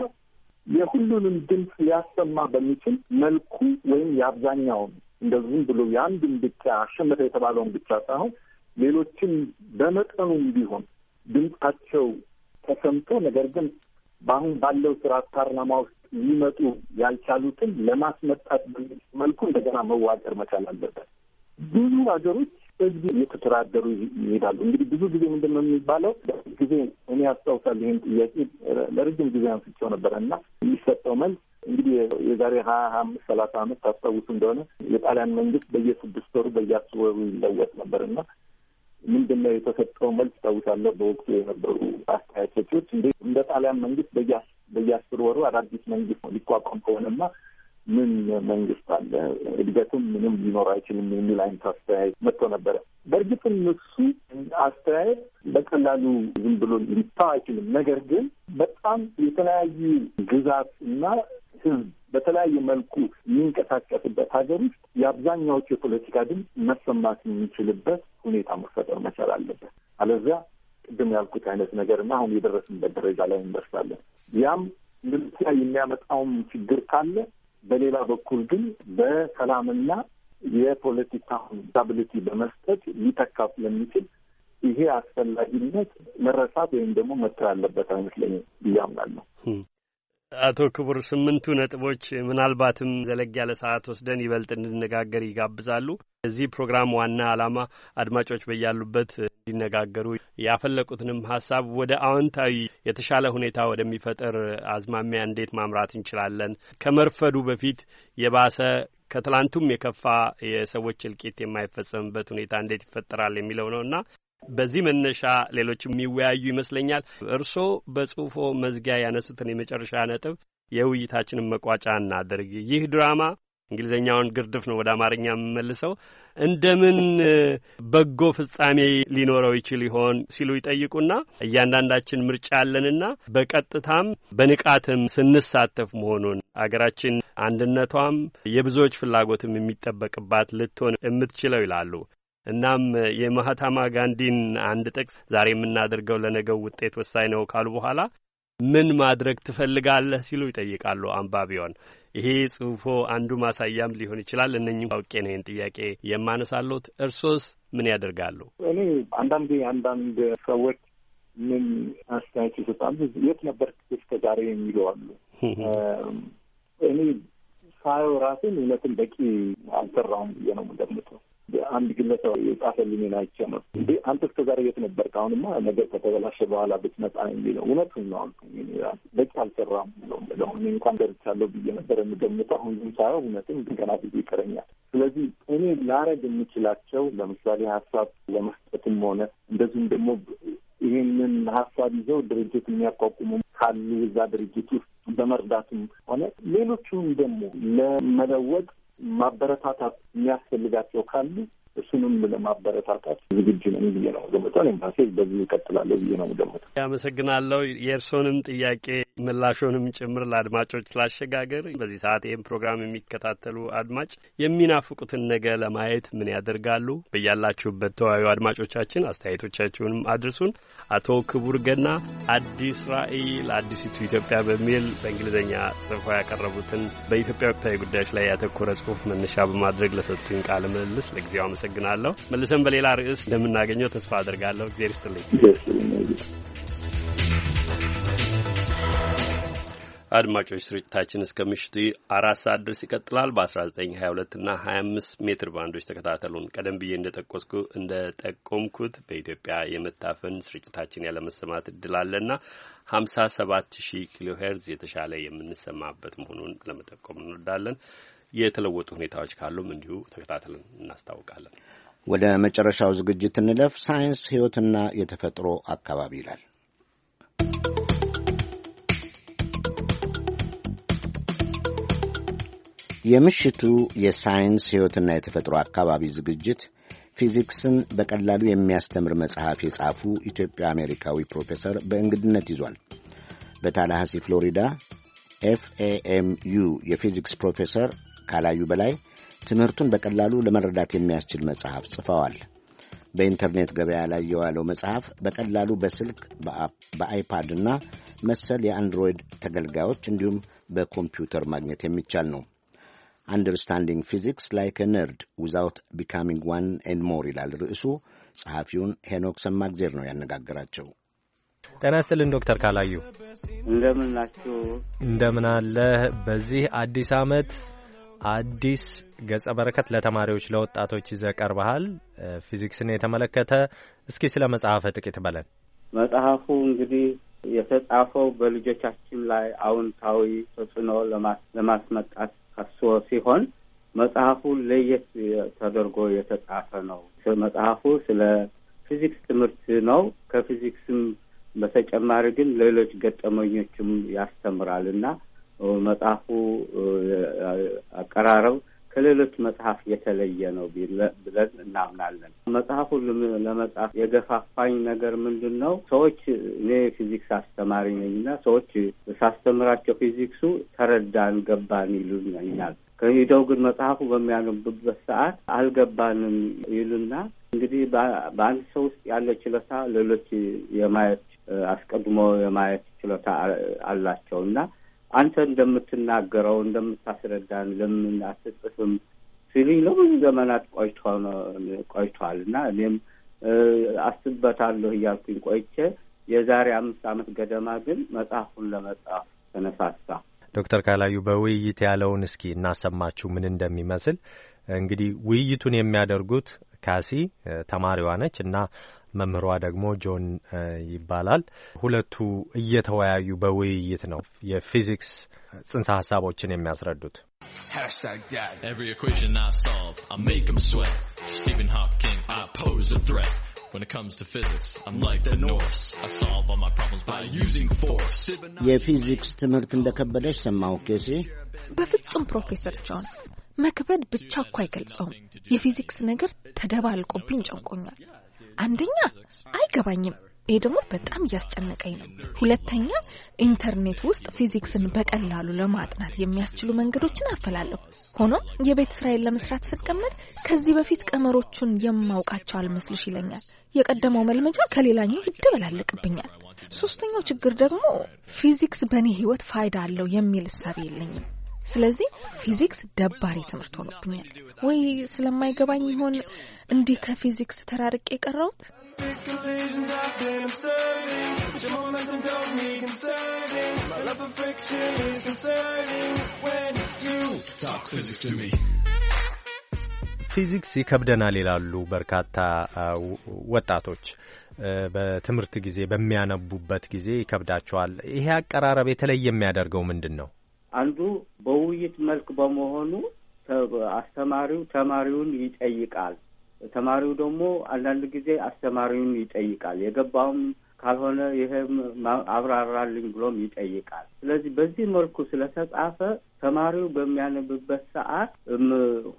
የሁሉንም ድምፅ ሊያሰማ በሚችል መልኩ ወይም የአብዛኛውን እንደዚህም ብሎ የአንድን ብቻ አሸነፈ የተባለውን ብቻ ሳይሆን ሌሎችን በመጠኑም ቢሆን ድምፃቸው ተሰምቶ ነገር ግን በአሁን ባለው ስርዓት ፓርላማ ውስጥ ሊመጡ ያልቻሉትን ለማስመጣት መልኩ እንደገና መዋቀር መቻል አለበት። ብዙ ሀገሮች በዚህ እየተደራደሩ ይሄዳሉ። እንግዲህ ብዙ ጊዜ ምንድን ነው የሚባለው ጊዜ እኔ አስታውሳለሁ ይህን ጥያቄ ለረጅም ጊዜ አንስቼው ነበረ እና የሚሰጠው መልስ እንግዲህ የዛሬ ሀያ አምስት ሰላሳ አመት ታስታውሱ እንደሆነ የጣሊያን መንግስት በየስድስት ወሩ በየአስር ወሩ ይለወጥ ነበር እና ምንድን ነው የተሰጠው መልስ ታውሳለሁ። በወቅቱ የነበሩ አስተያየቶች እንደ ጣሊያን መንግስት በየአስ በየአስር ወሩ አዳዲስ መንግስት ሊቋቋም ከሆነማ ምን መንግስት አለ? እድገቱም ምንም ሊኖር አይችልም የሚል አይነት አስተያየት መጥቶ ነበረ። በእርግጥም እሱ አስተያየት በቀላሉ ዝም ብሎ ሊታ አይችልም። ነገር ግን በጣም የተለያዩ ግዛት እና ህዝብ በተለያየ መልኩ የሚንቀሳቀስበት ሀገር ውስጥ የአብዛኛዎቹ የፖለቲካ ድምፅ መሰማት የሚችልበት ሁኔታ መፈጠር መቻል አለበት። አለዚያ ቅድም ያልኩት አይነት ነገር እና አሁን የደረስንበት ደረጃ ላይ እንደርሳለን። ያም ልምሲያ የሚያመጣውም ችግር ካለ በሌላ በኩል ግን በሰላምና የፖለቲካውን ስታብሊቲ በመስጠት ሊተካ ስለሚችል ይሄ አስፈላጊነት መረሳት ወይም ደግሞ መተው ያለበት አይመስለኝም ብዬ አምናለሁ። አቶ ክቡር ስምንቱ ነጥቦች ምናልባትም ዘለግ ያለ ሰዓት ወስደን ይበልጥ እንድነጋገር ይጋብዛሉ። እዚህ ፕሮግራም ዋና ዓላማ አድማጮች በያሉበት እንዲነጋገሩ ያፈለቁትንም ሀሳብ ወደ አዎንታዊ የተሻለ ሁኔታ ወደሚፈጥር አዝማሚያ እንዴት ማምራት እንችላለን? ከመርፈዱ በፊት የባሰ ከትላንቱም የከፋ የሰዎች እልቂት የማይፈጸምበት ሁኔታ እንዴት ይፈጠራል የሚለው እና በዚህ መነሻ ሌሎች የሚወያዩ ይመስለኛል። እርስዎ በጽሁፎ መዝጊያ ያነሱትን የመጨረሻ ነጥብ የውይይታችንን መቋጫ እናድርግ። ይህ ድራማ እንግሊዝኛውን ግርድፍ ነው ወደ አማርኛ የምመልሰው። እንደምን በጎ ፍጻሜ ሊኖረው ይችል ይሆን ሲሉ ይጠይቁና እያንዳንዳችን ምርጫ ያለንና በቀጥታም በንቃትም ስንሳተፍ መሆኑን አገራችን አንድነቷም የብዙዎች ፍላጎትም የሚጠበቅባት ልትሆን የምትችለው ይላሉ። እናም የማህታማ ጋንዲን አንድ ጥቅስ ዛሬ የምናደርገው ለነገው ውጤት ወሳኝ ነው ካሉ በኋላ ምን ማድረግ ትፈልጋለህ ሲሉ ይጠይቃሉ አንባቢዋን። ይሄ ጽሁፎ አንዱ ማሳያም ሊሆን ይችላል። እነኝም አውቄ ነይን ጥያቄ የማነሳለሁት። እርሶስ ምን ያደርጋሉ? እኔ አንዳንዴ አንዳንድ ሰዎች ምን አስተያየት ይሰጣሉ፣ የት ነበር እስከ ዛሬ የሚለዋሉ። እኔ ሳየው ራሴን እውነትን በቂ አልሰራውም ብዬ ነው የምገምተው። አንድ ግለሰብ የጻፈልኝ ናቸው ነው እንዴ አንተ እስከ ዛሬ የት ነበርክ? አሁንማ ነገር ከተበላሸ በኋላ ብትመጣ የሚለው እውነቱን ነው። በቂ አልሰራም ነው የምለው። እንኳን ደርቻለሁ ብዬ ነበር የምገምተው። አሁን ግን ሳየው እውነትም ገና ብዙ ይቀረኛል። ስለዚህ እኔ ላረግ የምችላቸው ለምሳሌ ሀሳብ ለመስጠትም ሆነ እንደዚሁም ደግሞ ይህንን ሀሳብ ይዘው ድርጅት የሚያቋቁሙ ካሉ እዛ ድርጅት ውስጥ በመርዳትም ሆነ ሌሎቹም ደግሞ ለመለወጥ ማበረታታት የሚያስፈልጋቸው ካሉ እሱንም ለማበረታታት ዝግጁ ነን ብዬ ነው ገምጠን ኤምባሲ በዚህ ይቀጥላለሁ ብዬ ነው ገምጠ ያመሰግናለሁ። የእርስዎንም ጥያቄ ምላሾንም ጭምር ለአድማጮች ስላሸጋገር በዚህ ሰዓት ይህም ፕሮግራም የሚከታተሉ አድማጭ የሚናፍቁትን ነገ ለማየት ምን ያደርጋሉ? በያላችሁበት ተወያዩ አድማጮቻችን፣ አስተያየቶቻችሁንም አድርሱን። አቶ ክቡር ገና አዲስ ራዕይ ለአዲሲቱ ኢትዮጵያ በሚል በእንግሊዝኛ ጽፎ ያቀረቡትን በኢትዮጵያ ወቅታዊ ጉዳዮች ላይ ያተኮረ ጽሁፍ መነሻ በማድረግ ለሰጡኝ ቃለ ምልልስ ለጊዜው አመሰግናለሁ። አመሰግናለሁ። መልሰን በሌላ ርዕስ እንደምናገኘው ተስፋ አድርጋለሁ። እግዜር ይስጥልኝ። አድማጮች ስርጭታችን እስከ ምሽቱ አራት ሰዓት ድረስ ይቀጥላል። በ1922 እና 25 ሜትር ባንዶች ተከታተሉን። ቀደም ብዬ እንደጠቆስኩ እንደጠቆምኩት በኢትዮጵያ የመታፈን ስርጭታችን ያለመሰማት እድል አለና 57 ሺህ ኪሎ ሄርዝ የተሻለ የምንሰማበት መሆኑን ለመጠቆም እንወዳለን። የተለወጡ ሁኔታዎች ካሉም እንዲሁ ተከታትለን እናስታውቃለን። ወደ መጨረሻው ዝግጅት እንለፍ። ሳይንስ ሕይወትና የተፈጥሮ አካባቢ ይላል። የምሽቱ የሳይንስ ሕይወትና የተፈጥሮ አካባቢ ዝግጅት ፊዚክስን በቀላሉ የሚያስተምር መጽሐፍ የጻፉ ኢትዮጵያ አሜሪካዊ ፕሮፌሰር በእንግድነት ይዟል። በታላሃሲ ፍሎሪዳ ኤፍኤኤምዩ የፊዚክስ ፕሮፌሰር ካላዩ በላይ ትምህርቱን በቀላሉ ለመረዳት የሚያስችል መጽሐፍ ጽፈዋል። በኢንተርኔት ገበያ ላይ የዋለው መጽሐፍ በቀላሉ በስልክ በአይፓድ እና መሰል የአንድሮይድ ተገልጋዮች እንዲሁም በኮምፒውተር ማግኘት የሚቻል ነው። አንደርስታንዲንግ ፊዚክስ ላይክ ነርድ ዊዛውት ቢካሚንግ ዋን ኤንድ ሞር ይላል ርዕሱ። ጸሐፊውን ሄኖክ ሰማግዜር ነው ያነጋግራቸው። ጤና ይስጥልን ዶክተር ካላዩ እንደምን ናችሁ? እንደምን አለህ? በዚህ አዲስ ዓመት አዲስ ገጸ በረከት ለተማሪዎች ለወጣቶች ይዘ ቀርበሃል። ፊዚክስን የተመለከተ እስኪ ስለ መጽሐፈ ጥቂት በለን። መጽሐፉ እንግዲህ የተጻፈው በልጆቻችን ላይ አውንታዊ ተጽዕኖ ለማስመጣት ታስቦ ሲሆን መጽሐፉ ለየት ተደርጎ የተጻፈ ነው። መጽሐፉ ስለ ፊዚክስ ትምህርት ነው። ከፊዚክስም በተጨማሪ ግን ሌሎች ገጠመኞችም ያስተምራል እና መጽሐፉ አቀራረብ ከሌሎች መጽሐፍ የተለየ ነው ብለን እናምናለን። መጽሐፉ ለመጽሐፍ የገፋፋኝ ነገር ምንድን ነው? ሰዎች እኔ ፊዚክስ አስተማሪ ነኝና ሰዎች ሳስተምራቸው ፊዚክሱ ተረዳን፣ ገባን ይሉኛል። ከሂደው ግን መጽሐፉ በሚያነቡበት ሰዓት አልገባንም ይሉና እንግዲህ በአንድ ሰው ውስጥ ያለ ችሎታ ሌሎች የማየት አስቀድሞ የማየት ችሎታ አላቸው እና አንተ እንደምትናገረው እንደምታስረዳን ለምን አትጽፍም ሲሉኝ ለብዙ ዘመናት ቆይቷል እና እኔም አስበታለሁ እያልኩኝ ቆይቼ የዛሬ አምስት ዓመት ገደማ ግን መጽሐፉን ለመጽሐፍ ተነሳሳ። ዶክተር ካላዩ በውይይት ያለውን እስኪ እናሰማችሁ ምን እንደሚመስል። እንግዲህ ውይይቱን የሚያደርጉት ካሲ ተማሪዋ ነች እና መምህሯ ደግሞ ጆን ይባላል። ሁለቱ እየተወያዩ በውይይት ነው የፊዚክስ ጽንሰ ሀሳቦችን የሚያስረዱት። የፊዚክስ ትምህርት እንደከበደች ሰማሁ ኬሲ። በፍጹም ፕሮፌሰር ጆን መክበድ ብቻ እኮ አይገልጸውም። የፊዚክስ ነገር ተደባልቆብኝ ጨንቆኛል። አንደኛ አይገባኝም፣ ይሄ ደግሞ በጣም እያስጨነቀኝ ነው። ሁለተኛ ኢንተርኔት ውስጥ ፊዚክስን በቀላሉ ለማጥናት የሚያስችሉ መንገዶችን አፈላለሁ። ሆኖም የቤት ስራዬን ለመስራት ስቀመጥ ከዚህ በፊት ቀመሮቹን የማውቃቸው አልመስልሽ ይለኛል። የቀደመው መልመጃ ከሌላኛው ይደበላለቅብኛል። ሶስተኛው ችግር ደግሞ ፊዚክስ በእኔ ህይወት ፋይዳ አለው የሚል እሳቤ የለኝም። ስለዚህ ፊዚክስ ደባሪ ትምህርት ሆኖብኛል። ወይ ስለማይገባኝ ይሆን እንዲህ ከፊዚክስ ተራርቅ የቀረውት? ፊዚክስ ይከብደናል ይላሉ በርካታ ወጣቶች። በትምህርት ጊዜ በሚያነቡበት ጊዜ ይከብዳቸዋል። ይሄ አቀራረብ የተለየ የሚያደርገው ምንድን ነው? አንዱ በውይይት መልክ በመሆኑ አስተማሪው ተማሪውን ይጠይቃል። ተማሪው ደግሞ አንዳንድ ጊዜ አስተማሪውን ይጠይቃል። የገባውም ካልሆነ ይሄም አብራራልኝ ብሎም ይጠይቃል። ስለዚህ በዚህ መልኩ ስለተጻፈ ተማሪው በሚያነብበት ሰዓት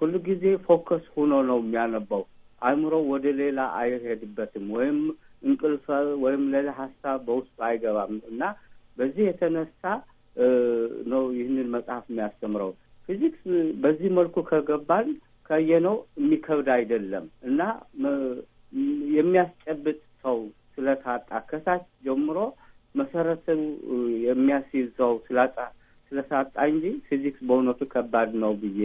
ሁሉ ጊዜ ፎከስ ሆኖ ነው የሚያነባው። አእምሮ ወደ ሌላ አይሄድበትም ወይም እንቅልፍ ወይም ሌላ ሀሳብ በውስጡ አይገባም እና በዚህ የተነሳ ነው ይህንን መጽሐፍ የሚያስተምረው። ፊዚክስ በዚህ መልኩ ከገባን ከየነው የሚከብድ አይደለም እና የሚያስጨብጥ ሰው ስለታጣ ከታች ጀምሮ መሰረቱ የሚያስይዝ ሰው ስላጣ ስለታጣ እንጂ ፊዚክስ በእውነቱ ከባድ ነው ብዬ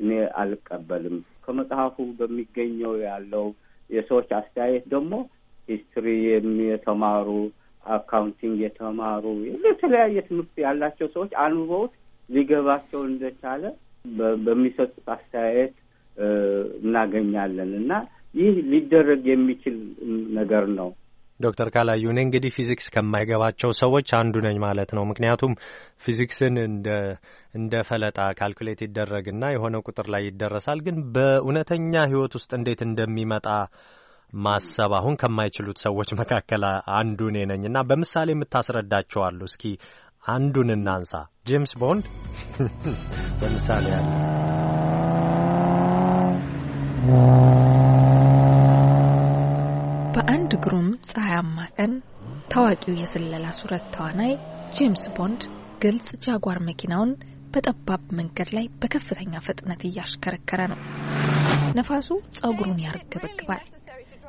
እኔ አልቀበልም። ከመጽሐፉ በሚገኘው ያለው የሰዎች አስተያየት ደግሞ ሂስትሪ የተማሩ አካውንቲንግ የተማሩ የተለያየ ትምህርት ያላቸው ሰዎች አንብበውት ሊገባቸው እንደቻለ በሚሰጡት አስተያየት እናገኛለን እና ይህ ሊደረግ የሚችል ነገር ነው። ዶክተር ካላዩ እኔ እንግዲህ ፊዚክስ ከማይገባቸው ሰዎች አንዱ ነኝ ማለት ነው። ምክንያቱም ፊዚክስን እንደ እንደ ፈለጣ ካልኩሌት ይደረግና የሆነ ቁጥር ላይ ይደረሳል። ግን በእውነተኛ ሕይወት ውስጥ እንዴት እንደሚመጣ ማሰብ አሁን ከማይችሉት ሰዎች መካከል አንዱ እኔ ነኝ እና በምሳሌ የምታስረዳቸዋሉ። እስኪ አንዱን እናንሳ። ጄምስ ቦንድ በምሳሌ አለ። በአንድ ግሩም ፀሐያማ ቀን ታዋቂው የስለላ ሱረት ተዋናይ ጄምስ ቦንድ ግልጽ ጃጓር መኪናውን በጠባብ መንገድ ላይ በከፍተኛ ፍጥነት እያሽከረከረ ነው። ነፋሱ ጸጉሩን ያርገበግባል።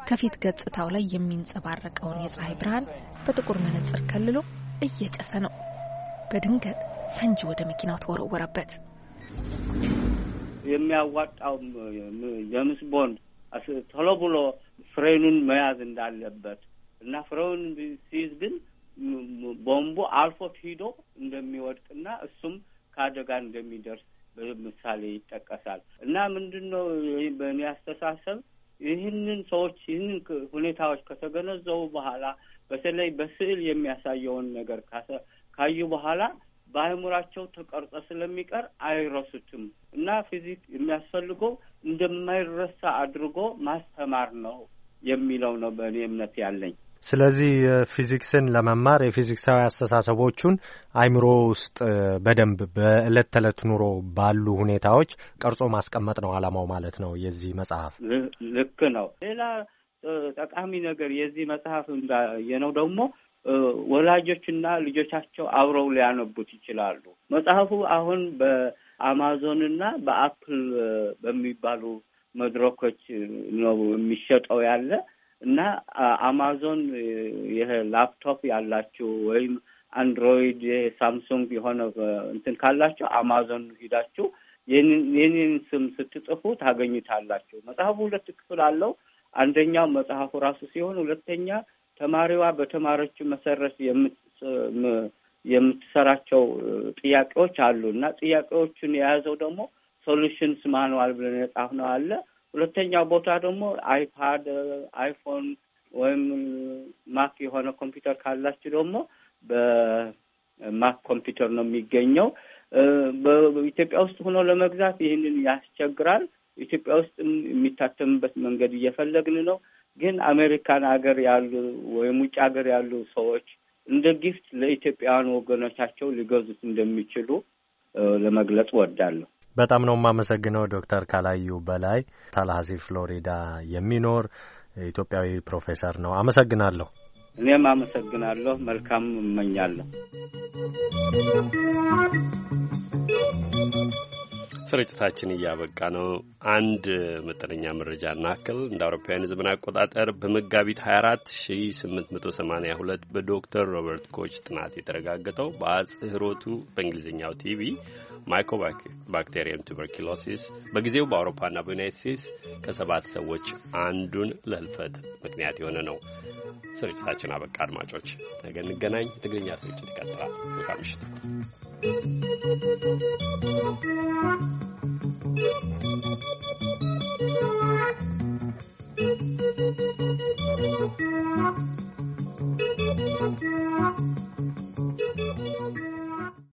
ከፊት ገጽታው ላይ የሚንጸባረቀውን የፀሐይ ብርሃን በጥቁር መነጽር ከልሎ እየጨሰ ነው። በድንገት ፈንጂ ወደ መኪናው ተወረወረበት። የሚያዋጣው ጀምስ ቦንድ ቶሎ ብሎ ፍሬኑን መያዝ እንዳለበት እና ፍሬውን ሲይዝ ግን ቦምቡ አልፎት ሂዶ እንደሚወድቅና እሱም ከአደጋ እንደሚደርስ ምሳሌ ይጠቀሳል እና ምንድን ነው በእኔ አስተሳሰብ ይህንን ሰዎች ይህንን ሁኔታዎች ከተገነዘቡ በኋላ በተለይ በስዕል የሚያሳየውን ነገር ካዩ በኋላ በአእምሯቸው ተቀርጸ ስለሚቀር አይረሱትም እና ፊዚክ የሚያስፈልገው እንደማይረሳ አድርጎ ማስተማር ነው የሚለው ነው በእኔ እምነት ያለኝ። ስለዚህ ፊዚክስን ለመማር የፊዚክሳዊ አስተሳሰቦቹን አይምሮ ውስጥ በደንብ በዕለት ተዕለት ኑሮ ባሉ ሁኔታዎች ቀርጾ ማስቀመጥ ነው አላማው ማለት ነው የዚህ መጽሐፍ። ልክ ነው። ሌላ ጠቃሚ ነገር የዚህ መጽሐፍ የነው ደግሞ ወላጆችና ልጆቻቸው አብረው ሊያነቡት ይችላሉ። መጽሐፉ አሁን በአማዞን እና በአፕል በሚባሉ መድረኮች ነው የሚሸጠው ያለ እና አማዞን ይህ ላፕቶፕ ያላችሁ ወይም አንድሮይድ ሳምሱንግ የሆነ እንትን ካላችሁ አማዞን ሂዳችሁ የኔን ስም ስትጽፉ ታገኙታላችሁ። መጽሐፉ ሁለት ክፍል አለው። አንደኛው መጽሐፉ ራሱ ሲሆን፣ ሁለተኛ ተማሪዋ በተማሪዎች መሰረት የምትሰራቸው ጥያቄዎች አሉ እና ጥያቄዎቹን የያዘው ደግሞ ሶሉሽንስ ማኑዋል ብለን የጻፍነው አለ። ሁለተኛው ቦታ ደግሞ አይፓድ፣ አይፎን ወይም ማክ የሆነ ኮምፒውተር ካላችሁ ደግሞ በማክ ኮምፒውተር ነው የሚገኘው። በኢትዮጵያ ውስጥ ሆኖ ለመግዛት ይህንን ያስቸግራል። ኢትዮጵያ ውስጥ የሚታተምበት መንገድ እየፈለግን ነው። ግን አሜሪካን ሀገር ያሉ ወይም ውጭ ሀገር ያሉ ሰዎች እንደ ጊፍት ለኢትዮጵያውያን ወገኖቻቸው ሊገዙት እንደሚችሉ ለመግለጽ እወዳለሁ። በጣም ነው የማመሰግነው ዶክተር ካላዩ በላይ ታላሀሲ ፍሎሪዳ የሚኖር ኢትዮጵያዊ ፕሮፌሰር ነው። አመሰግናለሁ። እኔም አመሰግናለሁ። መልካም እመኛለሁ። ስርጭታችን እያበቃ ነው። አንድ መጠነኛ መረጃ እናክል። እንደ አውሮፓውያን ዘመን አቆጣጠር በመጋቢት 24 1882 በዶክተር ሮበርት ኮች ጥናት የተረጋገጠው በአጽህሮቱ በእንግሊዝኛው ቲቪ ማይኮባክቴሪየም ቱበርኪሎሲስ በጊዜው በአውሮፓና በዩናይት ስቴትስ ከሰባት ሰዎች አንዱን ለህልፈት ምክንያት የሆነ ነው። ስርጭታችን አበቃ። አድማጮች ነገ እንገናኝ። ትግርኛ ስርጭት ይቀጥላል። ምሽት Thank you.